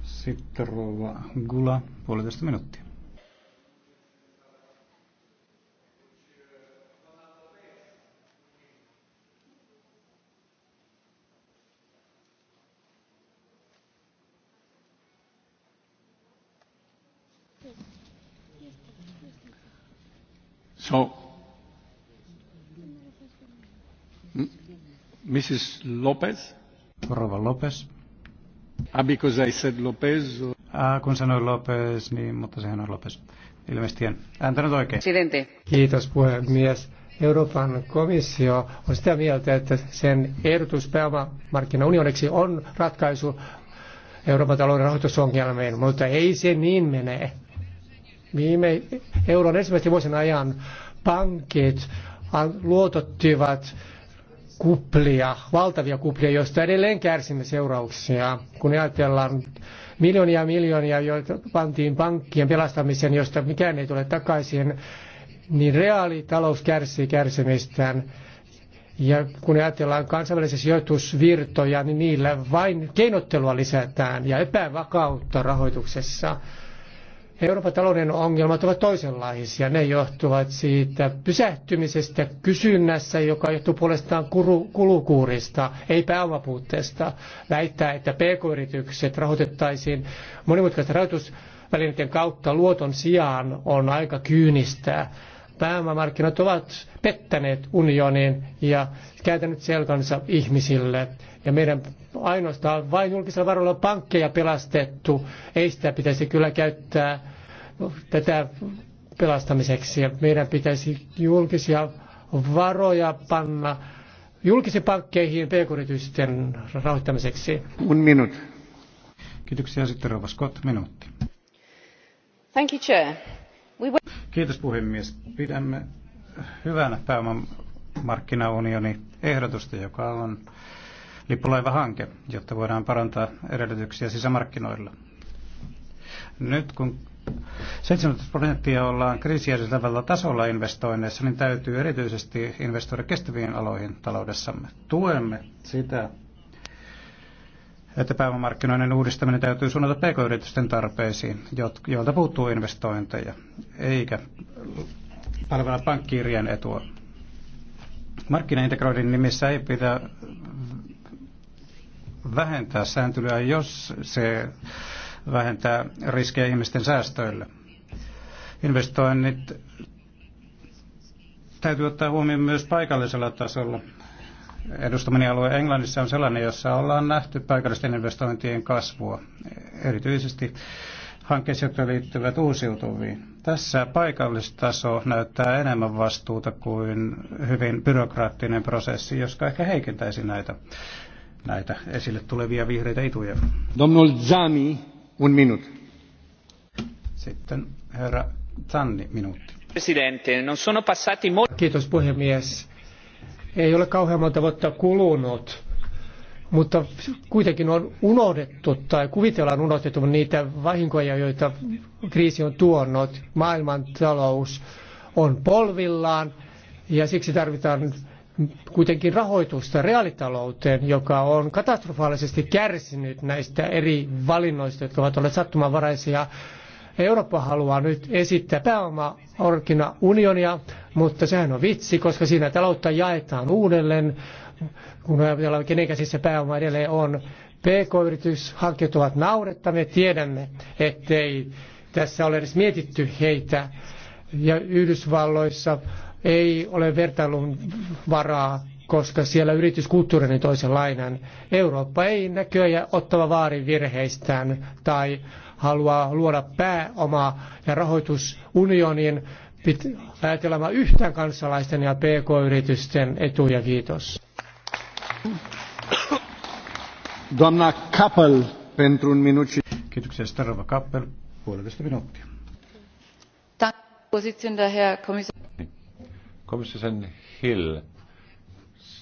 Sitten rouva Gula, puolitoista minuuttia. So, Mrs. Lopez. Rova Lopez. Ah, because I said Lopez. Or... Ah, kun sanoin Lopez, niin, mutta sehän on Lopez. Ilmeisesti en ääntänyt oikein. Presidente. Kiitos puhemies. Euroopan komissio on sitä mieltä, että sen ehdotus pääomamarkkinaunioniksi on ratkaisu Euroopan talouden rahoitusongelmiin, mutta ei se niin mene. Viime euron ensimmäisen vuosien ajan pankit luotottivat kuplia, valtavia kuplia, joista edelleen kärsimme seurauksia. Kun ajatellaan miljoonia ja miljoonia, joita pantiin pankkien pelastamiseen, josta mikään ei tule takaisin, niin reaalitalous kärsii kärsimistään. Ja kun ajatellaan kansainvälisiä sijoitusvirtoja, niin niillä vain keinottelua lisätään ja epävakautta rahoituksessa. Euroopan talouden ongelmat ovat toisenlaisia. Ne johtuvat siitä pysähtymisestä kysynnässä, joka johtuu puolestaan kulukuurista, ei pääomapuutteesta. Väittää, että pk-yritykset rahoitettaisiin monimutkaisten rahoitusvälineiden kautta luoton sijaan on aika kyynistää. Pääomamarkkinat ovat pettäneet unionin ja kääntänyt selkansa ihmisille. Ja meidän ainoastaan vain julkisella varoilla pankkeja pelastettu. Ei sitä pitäisi kyllä käyttää tätä pelastamiseksi. Ja meidän pitäisi julkisia varoja panna julkisiin pankkeihin pk-yritysten rahoittamiseksi. Un minut. Kiitoksia. Sitten Rova Scott, minuutti. Thank you, Chair. We... Kiitos puhemies. Pidämme hyvänä pääoman markkinaunioni ehdotusta, joka on lippulaivahanke, jotta voidaan parantaa edellytyksiä sisämarkkinoilla. Nyt kun 17 prosenttia ollaan kriisijärjestelmällä tasolla investoinneissa, niin täytyy erityisesti investoida kestäviin aloihin taloudessamme. Tuemme sitä, että pääomamarkkinoiden uudistaminen täytyy suunnata pk-yritysten tarpeisiin, joilta puuttuu investointeja, eikä palvella pankkiirien etua. Markkinaintegroidin nimissä ei pidä vähentää sääntelyä, jos se vähentää riskejä ihmisten säästöille. Investoinnit täytyy ottaa huomioon myös paikallisella tasolla. Edustamani alue Englannissa on sellainen, jossa ollaan nähty paikallisten investointien kasvua, erityisesti hankkeisiin, jotka liittyvät uusiutuviin. Tässä paikallistaso näyttää enemmän vastuuta kuin hyvin byrokraattinen prosessi, joska ehkä heikentäisi näitä, näitä esille tulevia vihreitä ituja. Domnul Un Sitten herra Zanni, minuutti. Presidente, non sono passati Kiitos puhemies. Ei ole kauhean monta vuotta kulunut, mutta kuitenkin on unohdettu tai kuvitellaan unohdettu niitä vahinkoja, joita kriisi on tuonut. Maailmantalous on polvillaan ja siksi tarvitaan kuitenkin rahoitusta reaalitalouteen, joka on katastrofaalisesti kärsinyt näistä eri valinnoista, jotka ovat olleet sattumanvaraisia. Eurooppa haluaa nyt esittää pääomaorkina unionia, mutta sehän on vitsi, koska siinä taloutta jaetaan uudelleen, kun ajatellaan, kenen käsissä pääoma edelleen on. PK-yrityshankkeet ovat naurettavia, tiedämme, ettei tässä ole edes mietitty heitä. Ja Yhdysvalloissa ei ole vertailun varaa, koska siellä yrityskulttuuri on toisenlainen. Eurooppa ei näköjään ottava vaarin virheistään tai haluaa luoda pääoma- ja rahoitusunionin ajatellaan yhtään kansalaisten ja pk-yritysten etuja. Kiitos. Donna Kappel, pentrun minuutti. Kiitoksia, Starva Kappel, puolitoista minuuttia. Dank, herra komissaari. Niin. Komission Hill,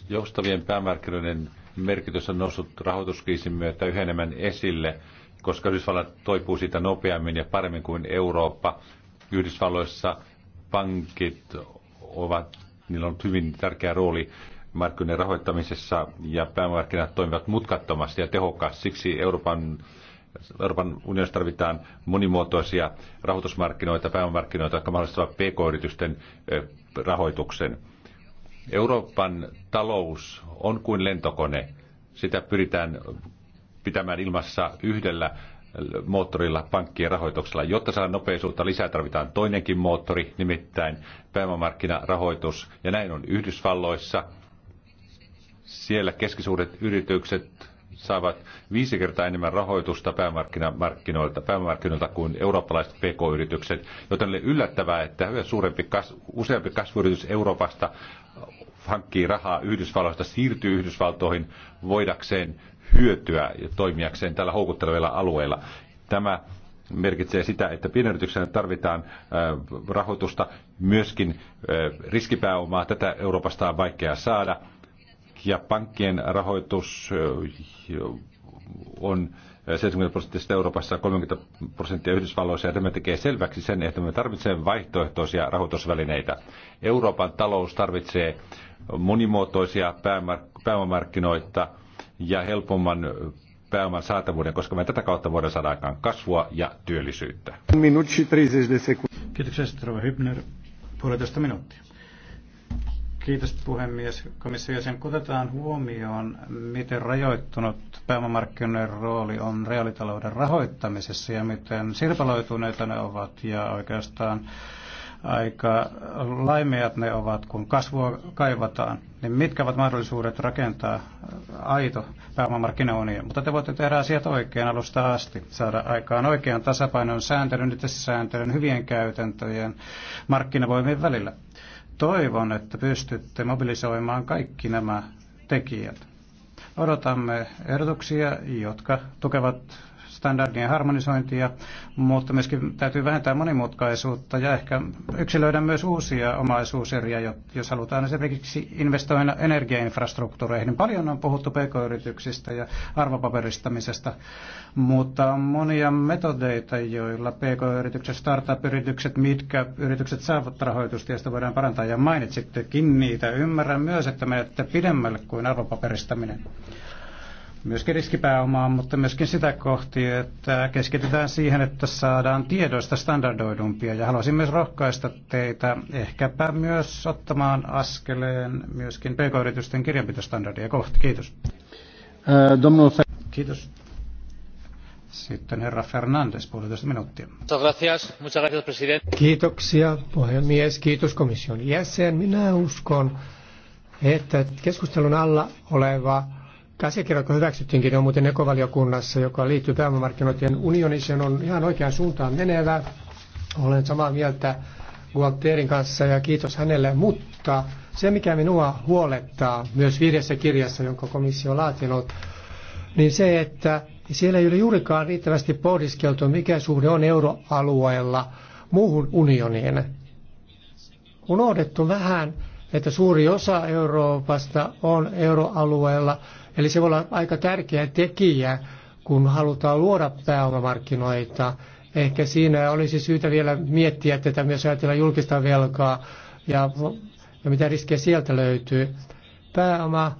joustavien päämarkkinoiden merkitys on noussut rahoituskriisin myötä yhä enemmän esille, koska Yhdysvallat toipuu siitä nopeammin ja paremmin kuin Eurooppa. Yhdysvalloissa pankit ovat, niillä on hyvin tärkeä rooli markkinoiden rahoittamisessa ja päämarkkinat toimivat mutkattomasti ja tehokkaasti. Siksi Euroopan Euroopan unionissa tarvitaan monimuotoisia rahoitusmarkkinoita, pääomamarkkinoita, jotka mahdollistavat pk-yritysten rahoituksen. Euroopan talous on kuin lentokone. Sitä pyritään pitämään ilmassa yhdellä moottorilla pankkien rahoituksella. Jotta saadaan nopeisuutta lisää, tarvitaan toinenkin moottori, nimittäin pääomamarkkinarahoitus. Ja näin on Yhdysvalloissa. Siellä keskisuuret yritykset saavat viisi kertaa enemmän rahoitusta päämarkkinoilta, päämarkkinoilta kuin eurooppalaiset pk-yritykset, joten oli yllättävää, että suurempi kas, useampi kasvuyritys Euroopasta hankkii rahaa Yhdysvalloista, siirtyy Yhdysvaltoihin voidakseen hyötyä ja toimijakseen tällä houkuttelevilla alueilla. Tämä merkitsee sitä, että pienyrityksenä tarvitaan äh, rahoitusta, myöskin äh, riskipääomaa. Tätä Euroopasta on vaikea saada ja pankkien rahoitus äh, on 70 prosenttista Euroopassa, 30 prosenttia Yhdysvalloissa, ja tämä tekee selväksi sen, että me tarvitsemme vaihtoehtoisia rahoitusvälineitä. Euroopan talous tarvitsee monimuotoisia pääomamarkkinoita ja helpomman äh, pääoman saatavuuden, koska me tätä kautta voidaan saada aikaan kasvua ja työllisyyttä. Minuutti 30 sekuntia. Kiitoksia, Strava Hybner. Puolitoista minuuttia. Kiitos puhemies. Komissio sen otetaan huomioon, miten rajoittunut pääomamarkkinoiden rooli on reaalitalouden rahoittamisessa ja miten sirpaloituneita ne ovat ja oikeastaan aika laimeat ne ovat, kun kasvua kaivataan, niin mitkä ovat mahdollisuudet rakentaa aito pääomamarkkinaunio. Mutta te voitte tehdä asiat oikein alusta asti, saada aikaan oikean tasapainon sääntelyn, sääntelyn hyvien käytäntöjen, markkinavoimien välillä. Toivon, että pystytte mobilisoimaan kaikki nämä tekijät. Odotamme ehdotuksia, jotka tukevat standardien harmonisointia, mutta myöskin täytyy vähentää monimutkaisuutta ja ehkä yksilöidä myös uusia omaisuuseriä, jos halutaan esimerkiksi investoida energiainfrastruktuureihin. Niin paljon on puhuttu pk-yrityksistä ja arvopaperistamisesta, mutta on monia metodeita, joilla pk-yritykset, startup-yritykset, mitkä yritykset saavat rahoitusta ja sitä voidaan parantaa. Ja mainitsittekin niitä. Ymmärrän myös, että menette pidemmälle kuin arvopaperistaminen myöskin riskipääomaa, mutta myöskin sitä kohti, että keskitytään siihen, että saadaan tiedoista standardoidumpia. Ja haluaisin myös rohkaista teitä ehkäpä myös ottamaan askeleen myöskin pk-yritysten kirjanpitostandardia kohti. Kiitos. Äh, kiitos. Sitten herra Fernandes, puolitoista minuuttia. Kiitoksia puhemies, kiitos komission jäsen. Minä uskon, että keskustelun alla oleva asiakirja, joka hyväksyttinkin, on muuten ekovaliokunnassa, joka liittyy pääomamarkkinoiden unioniin. Sen on ihan oikeaan suuntaan menevä. Olen samaa mieltä Walterin kanssa ja kiitos hänelle, mutta se mikä minua huolettaa myös viidessä kirjassa, jonka komissio on laatinut, niin se, että siellä ei ole juurikaan riittävästi pohdiskeltu, mikä suhde on euroalueella muuhun unioniin. Unohdettu vähän, että suuri osa Euroopasta on euroalueella Eli se voi olla aika tärkeä tekijä, kun halutaan luoda pääomamarkkinoita. Ehkä siinä olisi syytä vielä miettiä tätä myös ajatella julkista velkaa ja, ja mitä riskejä sieltä löytyy. Pääoma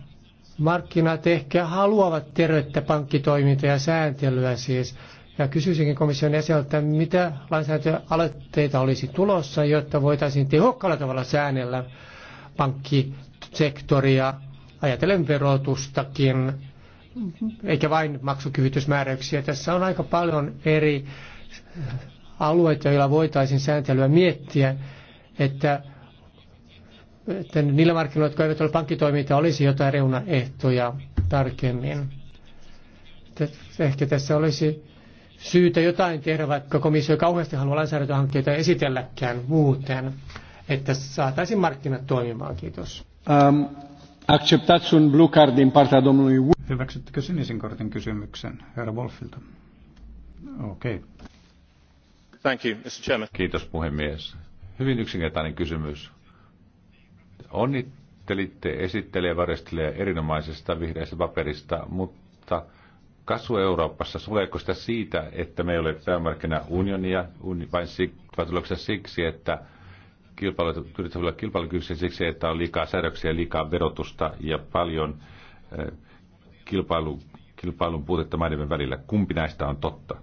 ehkä haluavat terveyttä pankkitoimintaa ja sääntelyä siis. Ja kysyisinkin komission jäseneltä, mitä lainsäädäntöaloitteita olisi tulossa, jotta voitaisiin tehokkaalla tavalla säännellä pankkisektoria ajatellen verotustakin, eikä vain maksukyvytysmääräyksiä. Tässä on aika paljon eri alueita, joilla voitaisiin sääntelyä miettiä, että, että niillä markkinoilla, jotka eivät ole pankkitoimintaa, olisi jotain reunaehtoja tarkemmin. Ehkä tässä olisi syytä jotain tehdä, vaikka komissio kauheasti halua lainsäädäntöhankkeita esitelläkään muuten, että saataisiin markkinat toimimaan. Kiitos. Um, blue card din partea domnului Hyväksyttekö sinisen kortin kysymyksen herra Wolfilta? Okei. Okay. Thank you, Mr. Chairman. Kiitos puhemies. Hyvin yksinkertainen kysymys. Onnittelitte esittelee varjestelee erinomaisesta vihreästä paperista, mutta kasvu Euroopassa, suleeko sitä siitä, että me ei ole päämarkkinaunionia, vain siksi, että kilpailu, yrittävät siksi, että on liikaa säädöksiä, liikaa verotusta ja paljon eh, kilpailu, kilpailun puutetta maiden välillä. Kumpi näistä on totta?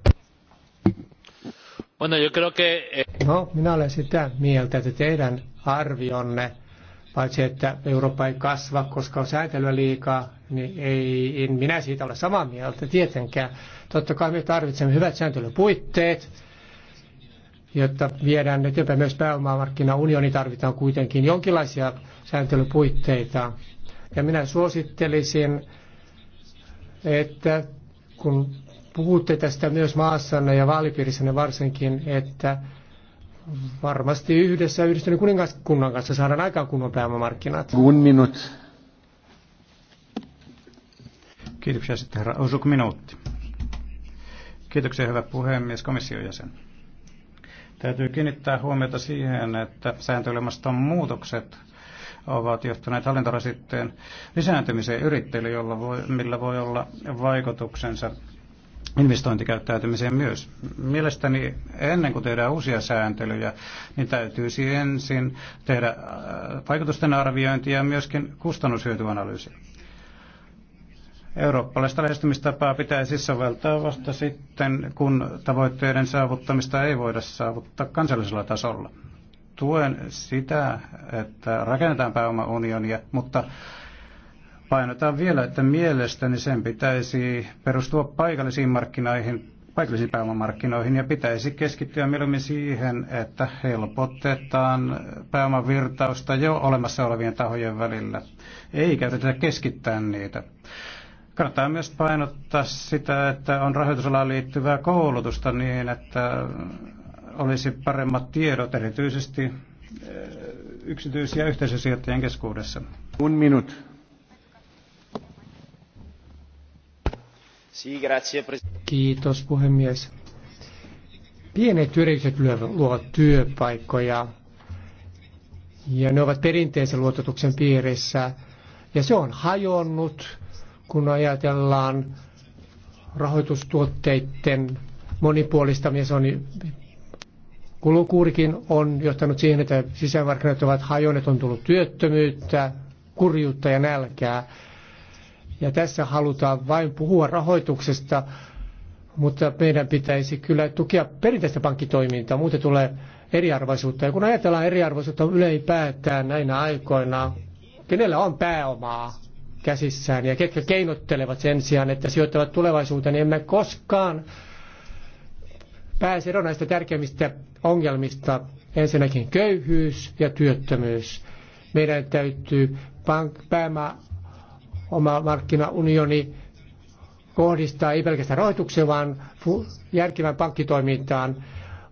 Eh, no, minä olen sitä mieltä, että teidän arvionne, paitsi että Eurooppa ei kasva, koska on säätelyä liikaa, niin ei, en minä siitä ole samaa mieltä tietenkään. Totta kai me tarvitsemme hyvät sääntelypuitteet, jotta viedään jopa myös pääomamarkkinaunioni, tarvitaan kuitenkin jonkinlaisia sääntelypuitteita. Ja minä suosittelisin, että kun puhutte tästä myös maassanne ja vaalipiirissänne varsinkin, että varmasti yhdessä yhdistyneen kuningaskunnan kanssa saadaan aikaan kunnon pääomamarkkinat. Un minut. Kiitoksia sitten herra Osuk minuutti. Kiitoksia hyvä puhemies, komission jäsen. Täytyy kiinnittää huomiota siihen, että sääntöilmaston muutokset ovat johtaneet hallintorasitteen lisääntymiseen yrittäjille, jolla voi, millä voi olla vaikutuksensa investointikäyttäytymiseen myös. Mielestäni ennen kuin tehdään uusia sääntelyjä, niin täytyisi ensin tehdä äh, vaikutusten arviointia ja myöskin kustannushyötyanalyysiä. Eurooppalaista lähestymistapaa pitäisi soveltaa vasta sitten, kun tavoitteiden saavuttamista ei voida saavuttaa kansallisella tasolla. Tuen sitä, että rakennetaan pääomaunionia, mutta painotan vielä, että mielestäni sen pitäisi perustua paikallisiin markkinoihin, paikallisiin pääomamarkkinoihin ja pitäisi keskittyä mieluummin siihen, että helpotetaan pääomavirtausta jo olemassa olevien tahojen välillä. Ei käytetä keskittää niitä. Kannattaa myös painottaa sitä, että on rahoitusalaan liittyvää koulutusta niin, että olisi paremmat tiedot erityisesti eh, yksityis- ja yhteisösijoittajien keskuudessa. Un minut. Kiitos puhemies. Pienet yritykset luovat työpaikkoja ja ne ovat perinteisen luototuksen piirissä ja se on hajonnut kun ajatellaan rahoitustuotteiden monipuolistamista, on niin, kulukuurikin on johtanut siihen, että sisämarkkinat ovat hajonneet, on tullut työttömyyttä, kurjuutta ja nälkää. Ja tässä halutaan vain puhua rahoituksesta, mutta meidän pitäisi kyllä tukea perinteistä pankkitoimintaa, muuten tulee eriarvoisuutta. Ja kun ajatellaan eriarvoisuutta yleipäätään näinä aikoina, kenellä on pääomaa, käsissään ja ketkä keinottelevat sen sijaan, että sijoittavat tulevaisuuteen, niin emme koskaan pääse eroon näistä tärkeimmistä ongelmista. Ensinnäkin köyhyys ja työttömyys. Meidän täytyy pank- pääma oma markkinaunioni kohdistaa ei pelkästään rahoitukseen, vaan järkevän pankkitoimintaan.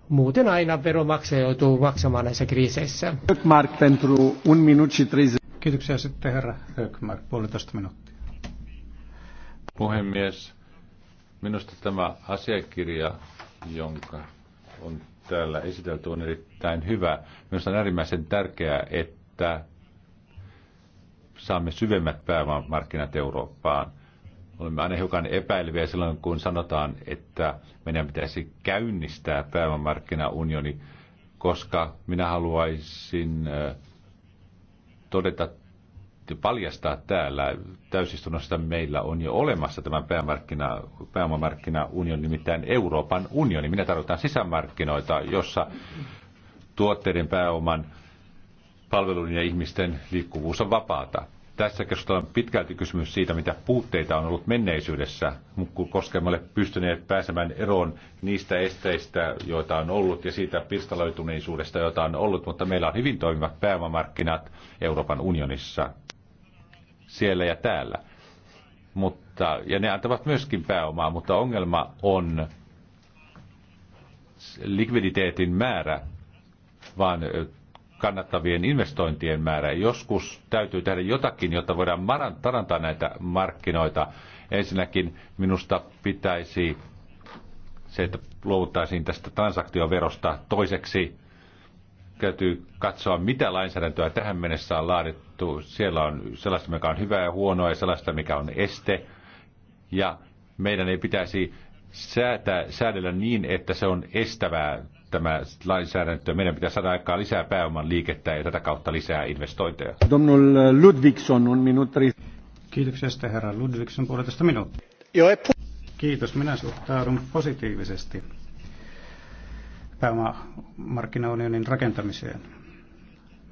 Muuten aina veronmaksaja joutuu maksamaan näissä kriiseissä. Mark, pentru un minut și 30. Kiitoksia sitten herra Hökmark, puolitoista minuuttia. Puhemies, minusta tämä asiakirja, jonka on täällä esitelty, on erittäin hyvä. Minusta on äärimmäisen tärkeää, että saamme syvemmät pääomamarkkinat Eurooppaan. Olemme aina hiukan epäileviä silloin, kun sanotaan, että meidän pitäisi käynnistää pääomamarkkinaunioni, koska minä haluaisin äh, todeta paljastaa täällä täysistunnossa, meillä on jo olemassa tämä pääomamarkkina, pääomamarkkinaunioni, nimittäin Euroopan unioni. Minä tarkoitan sisämarkkinoita, jossa tuotteiden pääoman, palveluiden ja ihmisten liikkuvuus on vapaata. Tässä keskustellaan pitkälti kysymys siitä, mitä puutteita on ollut menneisyydessä, koska emme ole pystyneet pääsemään eroon niistä esteistä, joita on ollut, ja siitä pirstaloituneisuudesta, joita on ollut, mutta meillä on hyvin toimivat pääomamarkkinat Euroopan unionissa, siellä ja täällä. Mutta, ja ne antavat myöskin pääomaa, mutta ongelma on likviditeetin määrä, vaan kannattavien investointien määrä. Joskus täytyy tehdä jotakin, jotta voidaan parantaa näitä markkinoita. Ensinnäkin minusta pitäisi se, että luovuttaisiin tästä transaktioverosta. Toiseksi täytyy katsoa, mitä lainsäädäntöä tähän mennessä on laadittu. Siellä on sellaista, mikä on hyvää ja huonoa ja sellaista, mikä on este. Ja meidän ei pitäisi säätää, säädellä niin, että se on estävää tämä lainsäädäntö. Meidän pitää saada aikaa lisää pääoman liikettä ja tätä kautta lisää investointeja. Domnul Ludvigsson on minuutti. Kiitoksesta herra Ludvigsson puolitoista minuuttia. E- Kiitos, minä suhtaudun positiivisesti pääomamarkkinaunionin rakentamiseen.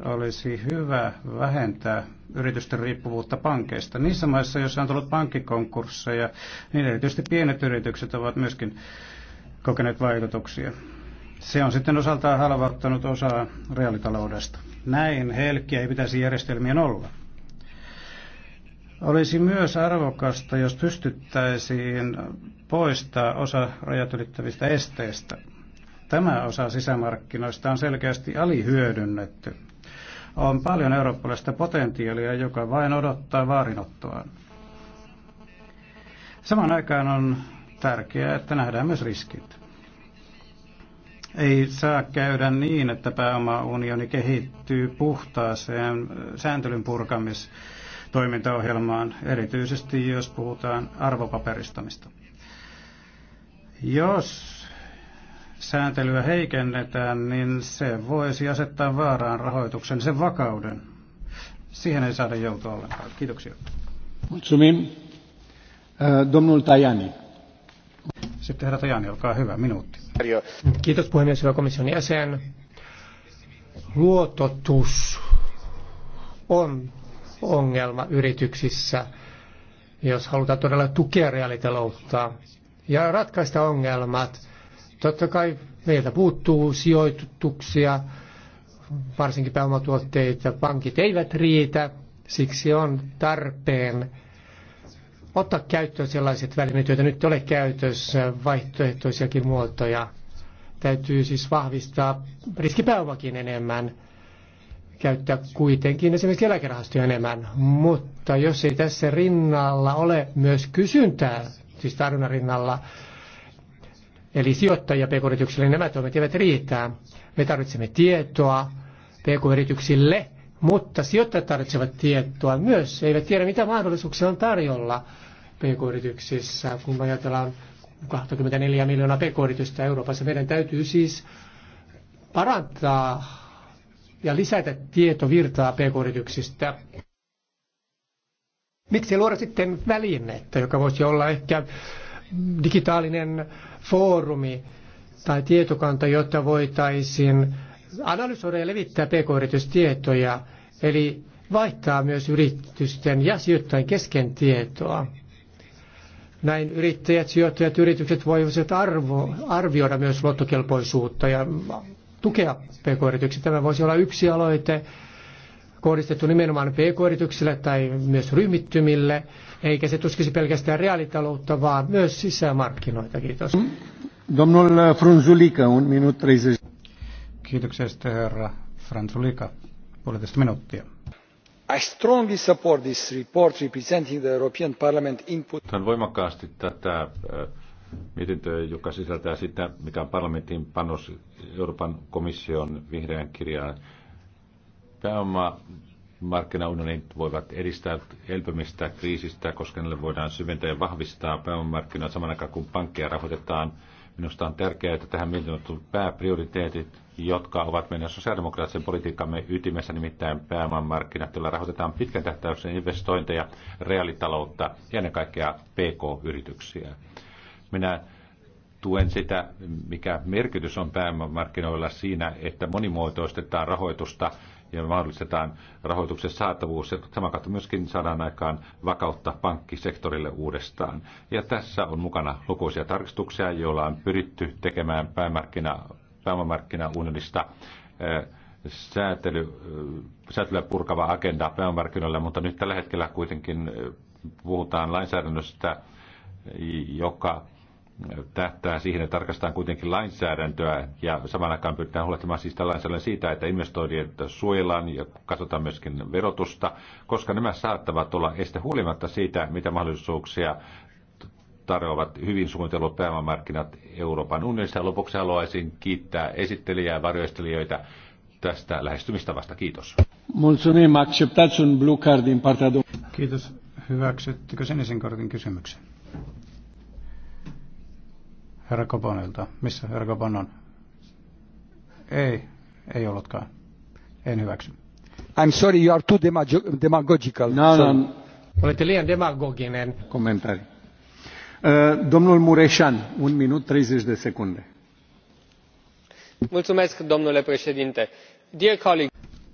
Olisi hyvä vähentää yritysten riippuvuutta pankeista. Niissä maissa, joissa on tullut pankkikonkursseja, niin erityisesti pienet yritykset ovat myöskin kokeneet vaikutuksia. Se on sitten osaltaan halvauttanut osaa reaalitaloudesta. Näin helkkiä ei pitäisi järjestelmien olla. Olisi myös arvokasta, jos pystyttäisiin poistaa osa rajat ylittävistä esteistä. Tämä osa sisämarkkinoista on selkeästi alihyödynnetty. On paljon eurooppalaista potentiaalia, joka vain odottaa vaarinottoaan. Samaan aikaan on tärkeää, että nähdään myös riskit. Ei saa käydä niin, että pääomaunioni kehittyy puhtaaseen äh, sääntelyn purkamis toimintaohjelmaan, erityisesti jos puhutaan arvopaperistamista. Jos sääntelyä heikennetään, niin se voisi asettaa vaaraan rahoituksen, sen vakauden. Siihen ei saada joutua ollenkaan. Kiitoksia. Mulțumim. Domnul Tajani. Sitten herra Tajani, olkaa hyvä, minuutti. Kiitos puhemies, hyvä komission jäsen. Luototus on ongelma yrityksissä, jos halutaan todella tukea reaalitaloutta ja ratkaista ongelmat. Totta kai meiltä puuttuu sijoituksia, varsinkin pääomatuotteita, pankit eivät riitä, siksi on tarpeen ottaa käyttöön sellaiset välineet, joita nyt ole käytössä, vaihtoehtoisiakin muotoja. Täytyy siis vahvistaa riskipääomakin enemmän, käyttää kuitenkin esimerkiksi eläkerahastoja enemmän. Mutta jos ei tässä rinnalla ole myös kysyntää, siis tarjonnan rinnalla, eli sijoittajia pk-yrityksille, niin nämä toimet eivät riitä. Me tarvitsemme tietoa pk-yrityksille, mutta sijoittajat tarvitsevat tietoa myös. He eivät tiedä, mitä mahdollisuuksia on tarjolla pk-yrityksissä, kun ajatellaan 24 miljoonaa pk-yritystä Euroopassa. Meidän täytyy siis parantaa ja lisätä tietovirtaa pk-yrityksistä. Miksi luoda sitten välinettä, joka voisi olla ehkä digitaalinen foorumi tai tietokanta, jotta voitaisiin analysoida ja levittää pk-yritystietoja, eli vaihtaa myös yritysten ja sijoittajien kesken tietoa. Näin yrittäjät, sijoittajat, yritykset voivat arvo, arvioida myös luottokelpoisuutta ja tukea pk-yrityksiä. Tämä voisi olla yksi aloite kohdistettu nimenomaan pk-yrityksille tai myös ryhmittymille, eikä se tuskisi pelkästään reaalitaloutta, vaan myös sisämarkkinoita. Kiitos. Domnul Frunzulika, un minut Kiitoksia, herra Franzulika, Puolitoista minuuttia. I strongly support this report representing the European Parliament input. Tämän voimakkaasti tätä äh, mietintöä, joka sisältää sitä, mikä on parlamentin panos Euroopan komission vihreän kirjaan. Pääoma markkinaunionit voivat edistää elpymistä kriisistä, koska niille voidaan syventää ja vahvistaa pääomamarkkinoita saman aikaan, kun pankkeja rahoitetaan Minusta on tärkeää, että tähän mietintöön on tullut pääprioriteetit, jotka ovat meidän sosiaalidemokraattisen politiikkamme ytimessä, nimittäin pääomamarkkinat, joilla rahoitetaan pitkän tähtäyksen investointeja, reaalitaloutta ja ennen kaikkea PK-yrityksiä. Minä tuen sitä, mikä merkitys on pääomamarkkinoilla siinä, että monimuotoistetaan rahoitusta – ja mahdollistetaan rahoituksen saatavuus ja saman kautta myöskin saadaan aikaan vakautta pankkisektorille uudestaan. Ja tässä on mukana lukuisia tarkistuksia, joilla on pyritty tekemään päämarkkina, pääomamarkkinaunionista eh, säätely, eh, säätelyä purkava agenda pääomamarkkinoilla, mutta nyt tällä hetkellä kuitenkin eh, puhutaan lainsäädännöstä, joka tähtää siihen, että tarkastetaan kuitenkin lainsäädäntöä ja saman aikaan pyritään huolehtimaan siis tällaisella siitä, että investoijien suojellaan ja katsotaan myöskin verotusta, koska nämä saattavat olla este huolimatta siitä, mitä mahdollisuuksia tarjoavat hyvin suunnitellut pääomamarkkinat Euroopan unionissa. Lopuksi haluaisin kiittää esittelijää ja varjoistelijoita tästä lähestymistavasta. Kiitos. Kiitos. Hyväksyttekö sinisen kortin kysymyksen? herra Kobonilta. Missä herra Kobon on? Ei, ei ollutkaan. En hyväksy. I'm sorry, you are too demagogical. No, no. no. Olette liian demagoginen. Kommentari. Uh, domnul Mureșan, un minut 30 de secunde. Mulțumesc, domnule președinte. Dear colleague...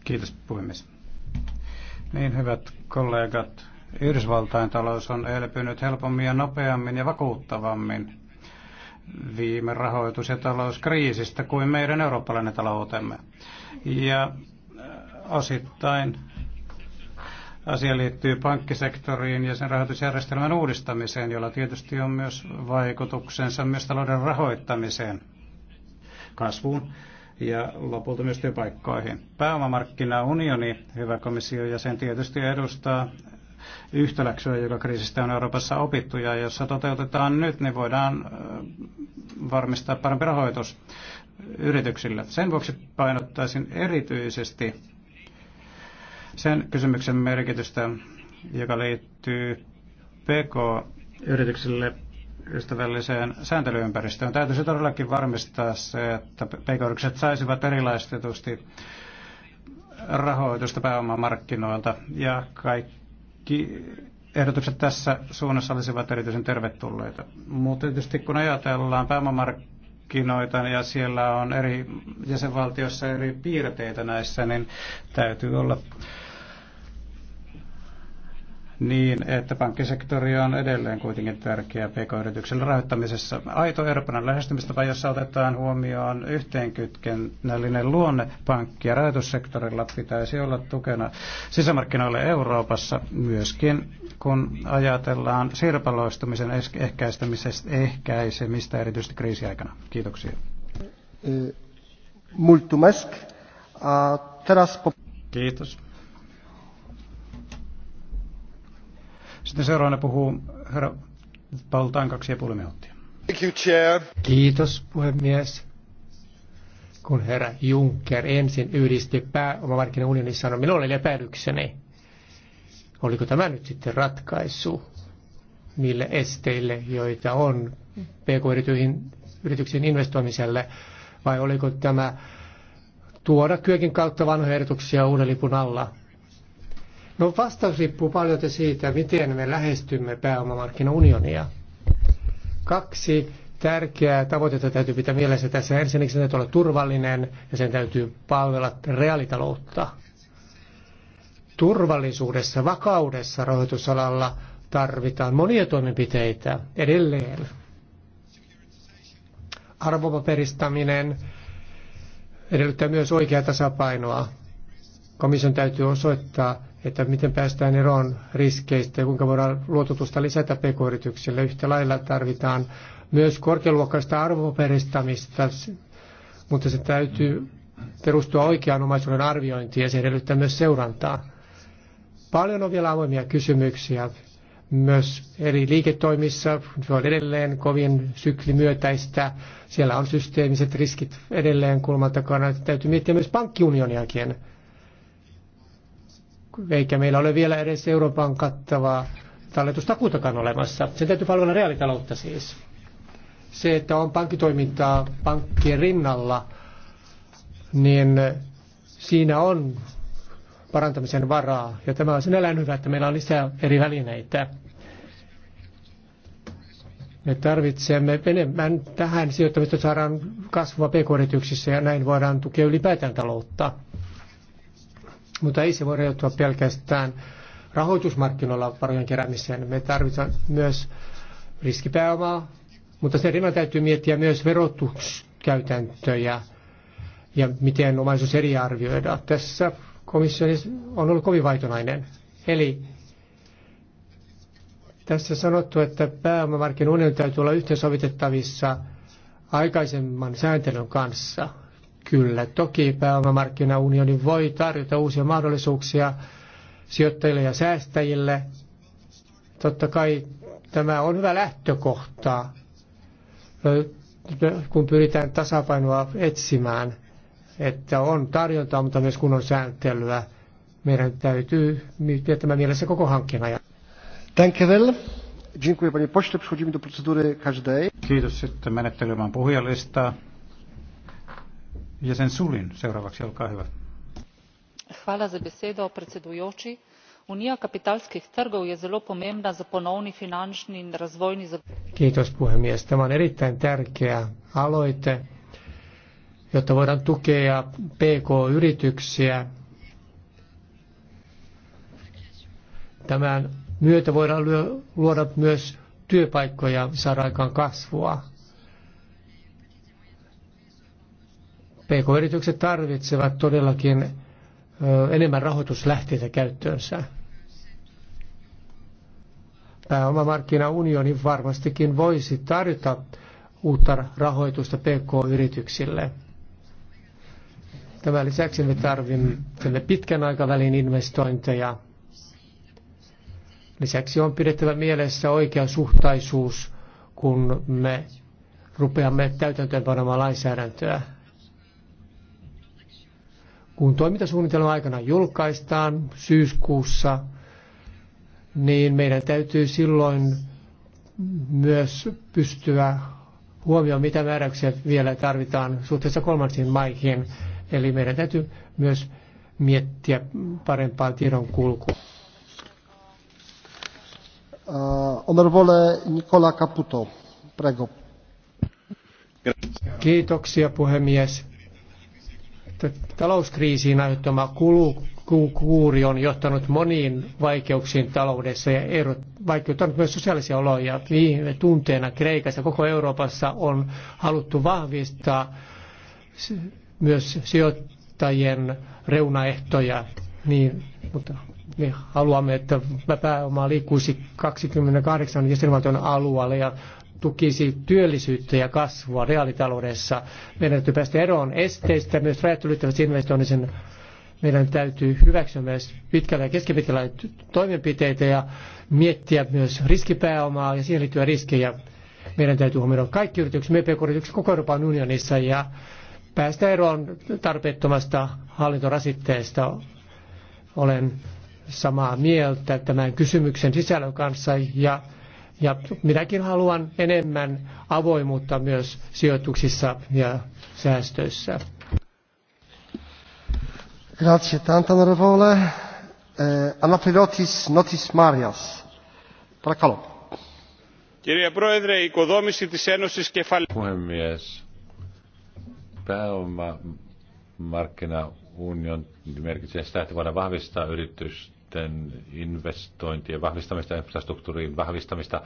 Kiitos, puhemies. Niin, hyvät kollegat, Yhdysvaltain talous on elpynyt helpommin ja nopeammin ja vakuuttavammin viime rahoitus- ja talouskriisistä kuin meidän eurooppalainen taloutemme. Ja äh, osittain asia liittyy pankkisektoriin ja sen rahoitusjärjestelmän uudistamiseen, jolla tietysti on myös vaikutuksensa myös talouden rahoittamiseen, kasvuun ja lopulta myös työpaikkoihin. Pääomamarkkinaunioni, hyvä ja sen tietysti edustaa yhtäläksyä, joka kriisistä on Euroopassa opittu ja jossa toteutetaan nyt, niin voidaan varmistaa parempi rahoitus yrityksille. Sen vuoksi painottaisin erityisesti sen kysymyksen merkitystä, joka liittyy PK-yrityksille ystävälliseen sääntelyympäristöön. Täytyisi todellakin varmistaa se, että pk saisivat erilaistetusti rahoitusta pääomamarkkinoilta ja kaikki ehdotukset tässä suunnassa olisivat erityisen tervetulleita. Mutta tietysti kun ajatellaan pääomamarkkinoita ja siellä on eri jäsenvaltiossa eri piirteitä näissä, niin täytyy olla niin, että pankkisektori on edelleen kuitenkin tärkeä pk yrityksen rahoittamisessa. Aito Euroopan lähestymistapa, jossa otetaan huomioon yhteenkytkennällinen luonne pankki- ja rahoitussektorilla, pitäisi olla tukena sisämarkkinoille Euroopassa myöskin, kun ajatellaan sirpaloistumisen ehkäistämisestä ehkäisemistä erityisesti kriisiaikana. Kiitoksia. Eh, Kiitos. Sitten seuraavana puhuu herra Paltaan kaksi ja puoli minuuttia. Thank you, chair. Kiitos puhemies. Kun herra Juncker ensin yhdisti unionissa sanoi, minulla oli epäilykseni. Oliko tämä nyt sitten ratkaisu niille esteille, joita on pk-yrityksiin investoimiselle, vai oliko tämä tuoda kyökin kautta vanhoja erityksiä uuden lipun alla? No vastaus riippuu paljon siitä, miten me lähestymme pääomamarkkinaunionia. Kaksi tärkeää tavoitetta täytyy pitää mielessä tässä. Ensinnäkin sen täytyy olla turvallinen ja sen täytyy palvella reaalitaloutta. Turvallisuudessa, vakaudessa rahoitusalalla tarvitaan monia toimenpiteitä edelleen. Arvopaperistaminen edellyttää myös oikeaa tasapainoa. Komission täytyy osoittaa, että miten päästään eroon riskeistä ja kuinka voidaan luototusta lisätä pk-yrityksille. Yhtä lailla tarvitaan myös korkealuokkaista arvoperistamista, mutta se täytyy perustua oikeaan omaisuuden arviointiin ja se edellyttää myös seurantaa. Paljon on vielä avoimia kysymyksiä myös eri liiketoimissa. Se on edelleen kovin syklimyötäistä. Siellä on systeemiset riskit edelleen kulman takana. Täytyy miettiä myös pankkiunioniakin eikä meillä ole vielä edes Euroopan kattavaa talletustakuutakaan olemassa. Sen täytyy palvella reaalitaloutta siis. Se, että on pankkitoimintaa pankkien rinnalla, niin siinä on parantamisen varaa. Ja tämä on sinällään hyvä, että meillä on lisää eri välineitä. Me tarvitsemme enemmän tähän sijoittamista, saadaan kasvua pk-yrityksissä ja näin voidaan tukea ylipäätään taloutta. Mutta ei se voi rajoittua pelkästään rahoitusmarkkinoilla varojen keräämiseen. Me tarvitaan myös riskipääomaa, mutta sen rinnalla täytyy miettiä myös verotuskäytäntöjä ja miten omaisuus eri arvioida. Tässä komissio on ollut kovin vaitonainen. Eli tässä sanottu, että pääomamarkkinoiden täytyy olla yhteensovitettavissa aikaisemman sääntelyn kanssa. Kyllä, toki pääomamarkkinaunioni voi tarjota uusia mahdollisuuksia sijoittajille ja säästäjille. Totta kai tämä on hyvä lähtökohta, kun pyritään tasapainoa etsimään, että on tarjontaa, mutta myös kun on sääntelyä. Meidän täytyy miettiä tämä mielessä koko hankkeen ajan. Thank you. Dziękuję panie pośle. Przechodzimy do procedury każdej. Kiitos. että menettelemään puhujalistaa. Unija kapitalskih trgov je zelo pomembna za ponovni finančni in razvojni... Kiitos puhemies. Tämä on erittäin tärkeä aloite, jotta voidaan tukea PK-yrityksiä. Tämän myötä voidaan luoda myös työpaikkoja, saada aikaan kasvua. PK-yritykset tarvitsevat todellakin enemmän rahoituslähteitä käyttöönsä. Pääomamarkkinaunioni varmastikin voisi tarjota uutta rahoitusta PK-yrityksille. Tämän lisäksi me tarvitsemme pitkän aikavälin investointeja. Lisäksi on pidettävä mielessä oikea suhtaisuus, kun me rupeamme täytäntöönpanemaan lainsäädäntöä. Kun toimintasuunnitelma aikana julkaistaan syyskuussa, niin meidän täytyy silloin myös pystyä huomioon, mitä määräyksiä vielä tarvitaan suhteessa kolmansiin maihin. Eli meidän täytyy myös miettiä parempaa tiedon kulkua. Uh, Caputo, prego. Kiitoksia puhemies. Talouskriisiin aiheuttama kulukuuri on johtanut moniin vaikeuksiin taloudessa ja erot, vaikeuttanut myös sosiaalisia oloja. Viime tunteena Kreikassa koko Euroopassa on haluttu vahvistaa myös sijoittajien reunaehtoja, niin, mutta me haluamme, että pääoma liikkuisi 28 jäsenvaltion alueella ja tukisi työllisyyttä ja kasvua reaalitaloudessa. Meidän täytyy päästä eroon esteistä, myös rajat ylittävästä investoinnisen meidän täytyy hyväksyä myös pitkällä ja keskipitkällä toimenpiteitä ja miettiä myös riskipääomaa ja siihen liittyviä riskejä. Meidän täytyy huomioida kaikki yritykset, me pk-yritykset koko Euroopan unionissa ja päästä eroon tarpeettomasta hallintorasitteesta. Olen samaa mieltä tämän kysymyksen sisällön kanssa ja ja minäkin haluan enemmän avoimuutta myös sijoituksissa ja säästöissä. Grazie tanto onorevole. Eh, Anafilotis Notis Marias. Παρακαλώ. Κύριε Πρόεδρε, η οικοδόμηση της Ένωσης Κεφαλαίου. Puhemies, pääoma markkinaunion merkitsee sitä, että voidaan vahvistaa yritys, sitten investointien vahvistamista, infrastruktuurin vahvistamista.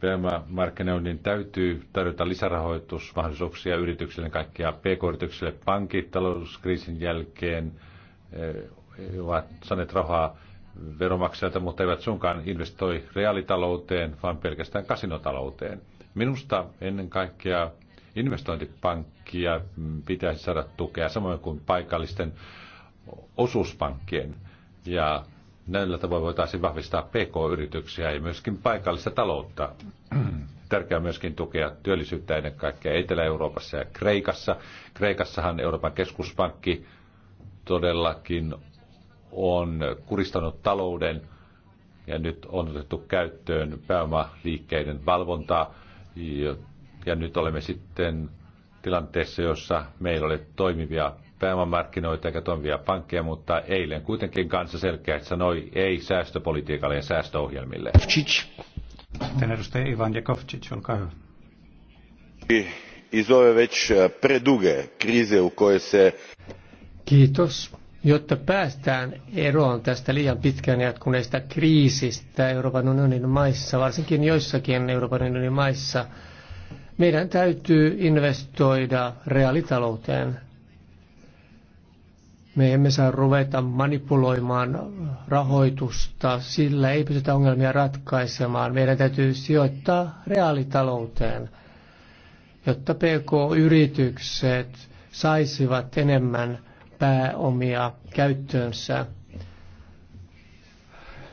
Pääomamarkkinoinnin täytyy tarjota lisärahoitusmahdollisuuksia yrityksille, kaikkia pk-yrityksille. Pankit talouskriisin jälkeen eh, ovat saaneet rahaa veromaksajilta, mutta eivät suinkaan investoi reaalitalouteen, vaan pelkästään kasinotalouteen. Minusta ennen kaikkea investointipankkia pitäisi saada tukea, samoin kuin paikallisten osuuspankkien. Ja näillä tavoin voitaisiin vahvistaa PK-yrityksiä ja myöskin paikallista taloutta. Tärkeää myöskin tukea työllisyyttä ennen kaikkea Etelä-Euroopassa ja Kreikassa. Kreikassahan Euroopan keskuspankki todellakin on kuristanut talouden ja nyt on otettu käyttöön pääomaliikkeiden valvontaa. Ja nyt olemme sitten tilanteessa, jossa meillä oli toimivia pääomamarkkinoita eikä toimivia pankkeja, mutta eilen kuitenkin kanssa selkeästi sanoi ei säästöpolitiikalle ja säästöohjelmille. Sitten edustaja Ivan Jakovčić, olkaa hyvä. Iz ove već e, preduge krize u se... Kiitos. Jotta päästään eroon tästä liian pitkään jatkuneesta kriisistä Euroopan unionin maissa, varsinkin joissakin Euroopan unionin maissa, meidän täytyy investoida reaalitalouteen me emme saa ruveta manipuloimaan rahoitusta, sillä ei pystytä ongelmia ratkaisemaan. Meidän täytyy sijoittaa reaalitalouteen, jotta PK-yritykset saisivat enemmän pääomia käyttöönsä.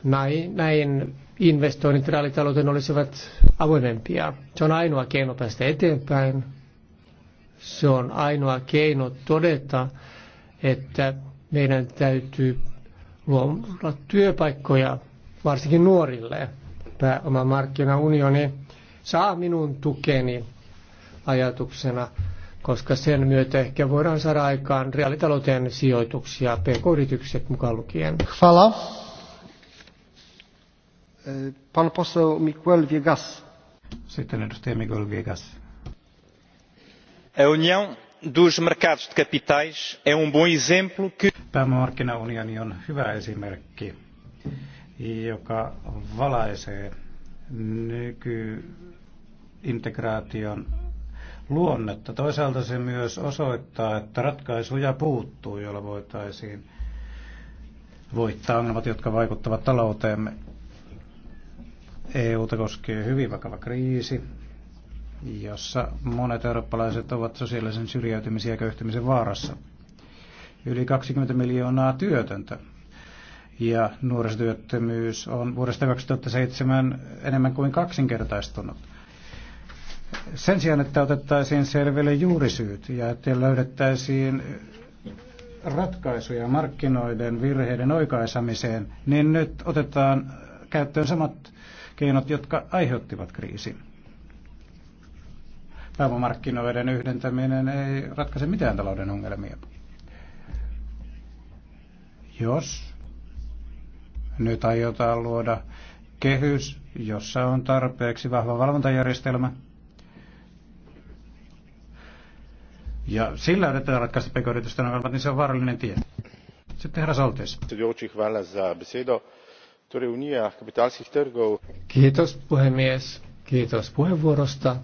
Näin, näin investoinnit reaalitalouteen olisivat avoimempia. Se on ainoa keino päästä eteenpäin. Se on ainoa keino todeta, että meidän täytyy luoda työpaikkoja varsinkin nuorille. Pääomamarkkinaunioni saa minun tukeni ajatuksena, koska sen myötä ehkä voidaan saada aikaan reaalitalouteen sijoituksia, pk-yritykset mukaan lukien. Hvala. E, pan poseł Miguel Viegas. Sitten edustaja Miguel Viegas. E Union dos mercados de capitais é um bom exemplo que... Pääomamarkkinaunioni on hyvä esimerkki, joka valaisee nykyintegraation luonnetta. Toisaalta se myös osoittaa, että ratkaisuja puuttuu, joilla voitaisiin voittaa ongelmat, jotka vaikuttavat talouteemme. EUta koskee hyvin vakava kriisi, jossa monet eurooppalaiset ovat sosiaalisen syrjäytymisen ja köyhtymisen vaarassa. Yli 20 miljoonaa työtöntä ja nuorisotyöttömyys on vuodesta 2007 enemmän kuin kaksinkertaistunut. Sen sijaan, että otettaisiin selville juurisyyt ja että löydettäisiin ratkaisuja markkinoiden virheiden oikaisemiseen, niin nyt otetaan käyttöön samat keinot, jotka aiheuttivat kriisin. Pääomamarkkinoiden yhdentäminen ei ratkaise mitään talouden ongelmia. Jos nyt aiotaan luoda kehys, jossa on tarpeeksi vahva valvontajärjestelmä, ja sillä yritetään ratkaista pk-yritysten ongelmat, niin se on vaarallinen tie. Sitten herra Soltis. Kiitos puhemies. Kiitos puheenvuorosta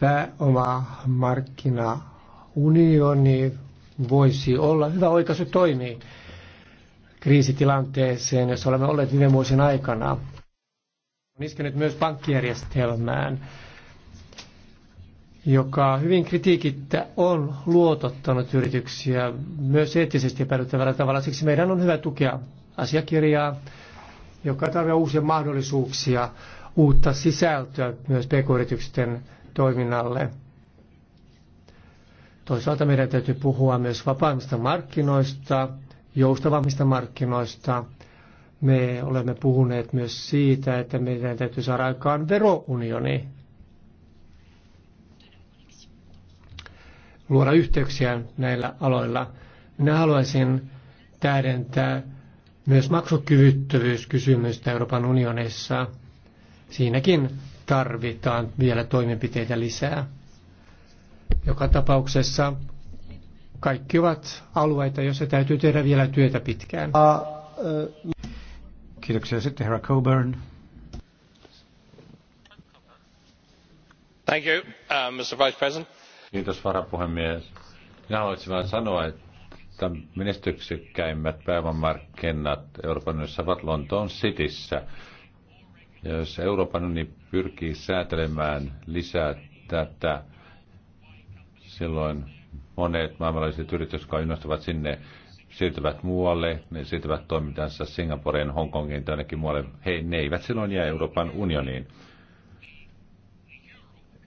pääoma markkinaunioni voisi olla hyvä oikaisu toimii kriisitilanteeseen, jossa olemme olleet viime vuosien aikana. On iskenyt myös pankkijärjestelmään, joka hyvin kritiikittä on luotottanut yrityksiä myös eettisesti epäilyttävällä tavalla. Siksi meidän on hyvä tukea asiakirjaa, joka tarvitsee uusia mahdollisuuksia uutta sisältöä myös pk-yritysten toiminnalle. Toisaalta meidän täytyy puhua myös vapaammista markkinoista, joustavammista markkinoista. Me olemme puhuneet myös siitä, että meidän täytyy saada aikaan verounioni. Luoda yhteyksiä näillä aloilla. Minä haluaisin tähdentää myös maksukyvyttövyyskysymystä Euroopan unionissa – Siinäkin tarvitaan vielä toimenpiteitä lisää. Joka tapauksessa kaikki ovat alueita, joissa täytyy tehdä vielä työtä pitkään. E, Kiitoksia. Sitten herra Coburn. Thank you, uh, Mr. Vice President. Kiitos varapuhemies. Minä haluaisin vain sanoa, että menestyksekkäimmät päivänmarkkinat Euroopan unionissa ovat Lontoon Cityssä. Ja jos Euroopan unioni pyrkii säätelemään lisää tätä, silloin monet maailmanlaiset yritykset, jotka innostavat sinne, siirtyvät muualle, ne siirtyvät toimintansa Singaporeen, Hongkongiin tai ainakin muualle. He, ne eivät silloin jää Euroopan unioniin.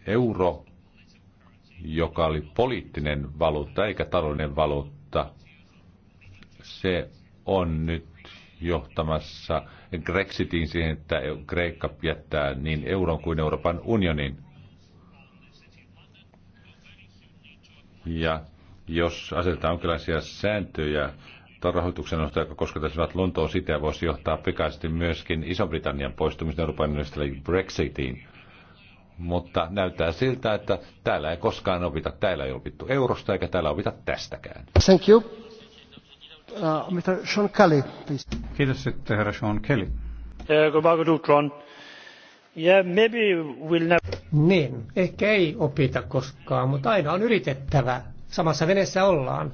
Euro, joka oli poliittinen valuutta eikä taloudellinen valuutta, se on nyt johtamassa Grexitiin siihen, että Kreikka jättää niin euron kuin Euroopan unionin. Ja jos asetetaan jonkinlaisia sääntöjä rahoituksen osalta, joka koskettaisivat Lontoon, sitä voisi johtaa pikaisesti myöskin Iso-Britannian poistumisen Euroopan unionista eli Brexitiin. Mutta näyttää siltä, että täällä ei koskaan opita, täällä ei opittu eurosta eikä täällä opita tästäkään. Thank you. Uh, Mr. Sean Kelly, please. Kiitos sitten herra Sean Kelly. Uh, niin, ehkä ei opita koskaan, mutta aina on yritettävä. Samassa veneessä ollaan.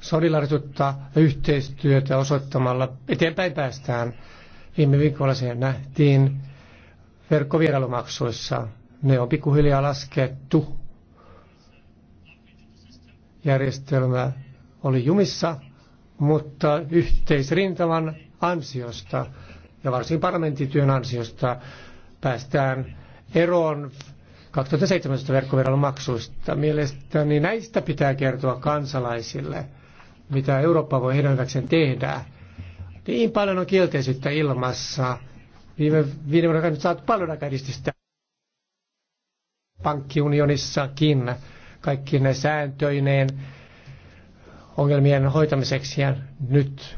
Solidaarisuutta ja yhteistyötä osoittamalla eteenpäin päästään. Viime viikolla se nähtiin verkkovierailumaksuissa. Ne on pikkuhiljaa laskettu. Järjestelmä oli jumissa mutta yhteisrintaman ansiosta ja varsin parlamenttityön ansiosta päästään eroon 2017 verkkoveron maksuista. Mielestäni näistä pitää kertoa kansalaisille, mitä Eurooppa voi heidän hyväkseen tehdä. Niin paljon on kielteisyyttä ilmassa. Viime viiden vuoden aikana saatu paljon akadistista pankkiunionissakin kaikki ne sääntöineen ongelmien hoitamiseksi ja nyt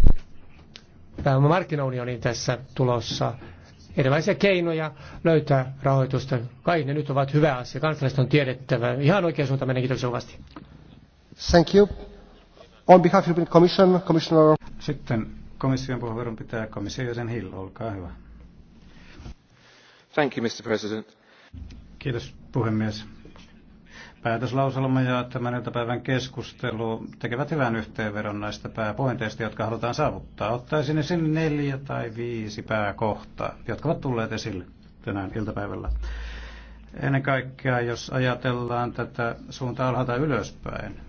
pääomamarkkinaunionin tässä tulossa. Erilaisia keinoja löytää rahoitusta. Kai ne nyt ovat hyvä asia. Kansalaiset on tiedettävä. Ihan oikea suunta menee. Kiitos kovasti. Thank you. On behalf of the Commission, Commissioner... Sitten komission puheenvuoron pitää komission jäsen Hill. Olkaa hyvä. Thank you, Mr. President. Kiitos puhemies. Päätöslauselma ja tämän iltapäivän keskustelu tekevät hyvän yhteenvedon näistä pääpointeista, jotka halutaan saavuttaa. Ottaisin sinne neljä tai viisi pääkohtaa, jotka ovat tulleet esille tänään iltapäivällä. Ennen kaikkea, jos ajatellaan tätä suuntaa alhaalta ylöspäin,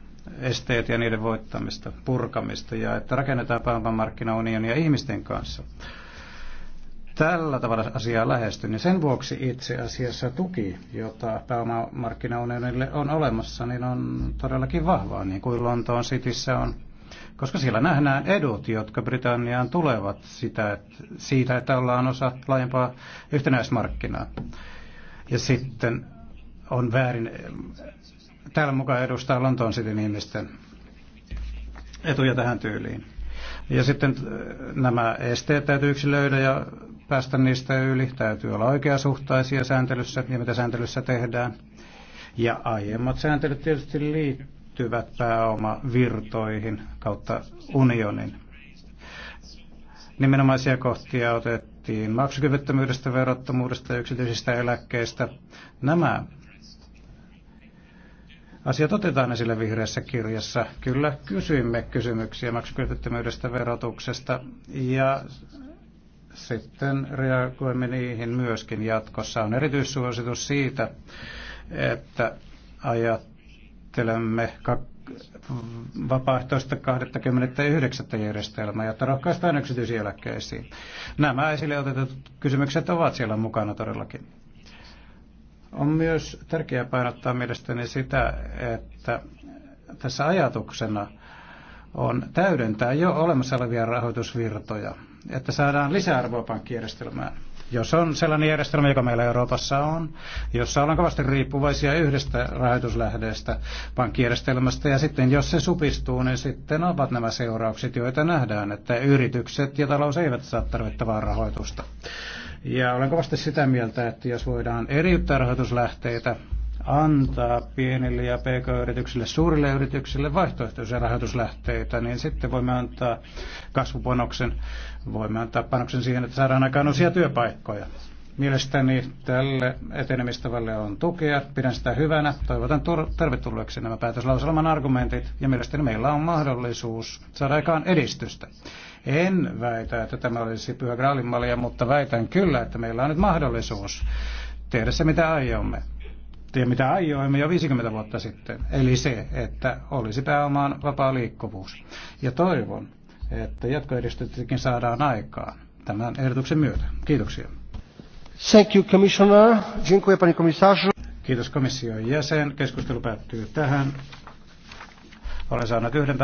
esteet ja niiden voittamista, purkamista ja että rakennetaan ja ihmisten kanssa – tällä tavalla asiaa lähesty, niin sen vuoksi itse asiassa tuki, jota pääomamarkkinaunionille on olemassa, niin on todellakin vahvaa, niin kuin Lontoon Cityssä on. Koska siellä nähdään edut, jotka Britanniaan tulevat sitä, että, siitä, että ollaan osa laajempaa yhtenäismarkkinaa. Ja sitten on väärin, täällä mukaan edustaa Lontoon Cityn ihmisten etuja tähän tyyliin. Ja sitten äh, nämä esteet täytyy yksilöidä ja päästä niistä yli. Täytyy olla oikeasuhtaisia sääntelyssä ja mitä sääntelyssä tehdään. Ja aiemmat sääntelyt tietysti liittyvät pääomavirtoihin kautta unionin. Nimenomaisia kohtia otettiin maksukyvyttömyydestä, verottomuudesta ja yksityisistä eläkkeistä. Nämä Asiat otetaan esille vihreässä kirjassa. Kyllä kysymme kysymyksiä maksukyvyttömyydestä, verotuksesta ja sitten reagoimme niihin myöskin jatkossa. On erityissuositus siitä, että ajattelemme vapaaehtoista 29. järjestelmää, jotta rohkaistaan yksityisiä eläkkeisiin. Nämä esille otetut kysymykset ovat siellä mukana todellakin. On myös tärkeää painottaa mielestäni sitä, että tässä ajatuksena on täydentää jo olemassa olevia rahoitusvirtoja, että saadaan lisäarvoa pankkijärjestelmään. Jos on sellainen järjestelmä, joka meillä Euroopassa on, jossa ollaan kovasti riippuvaisia yhdestä rahoituslähdeestä pankkijärjestelmästä, ja sitten jos se supistuu, niin sitten ovat nämä seuraukset, joita nähdään, että yritykset ja talous eivät saa tarvittavaa rahoitusta. Ja olen kovasti sitä mieltä, että jos voidaan eriyttää rahoituslähteitä, antaa pienille ja pk-yrityksille, suurille yrityksille vaihtoehtoisia rahoituslähteitä, niin sitten voimme antaa kasvupanoksen, voimme antaa panoksen siihen, että saadaan aikaan uusia työpaikkoja. Mielestäni tälle etenemistavalle on tukea. Pidän sitä hyvänä. Toivotan tervetulleeksi nämä päätöslauselman argumentit. Ja mielestäni meillä on mahdollisuus saada aikaan edistystä. En väitä, että tämä olisi pyhä graalin malja, mutta väitän kyllä, että meillä on nyt mahdollisuus tehdä se, mitä aiomme. Ja mitä aioimme jo 50 vuotta sitten. Eli se, että olisi pääomaan vapaa liikkuvuus. Ja toivon, että jatkoedistystäkin saadaan aikaan tämän ehdotuksen myötä. Kiitoksia. Thank you, Commissioner. Dziękuję, pani komisarzu. Kiitos komission jäsen. Keskustelu päättyy tähän. Olen saanut yhden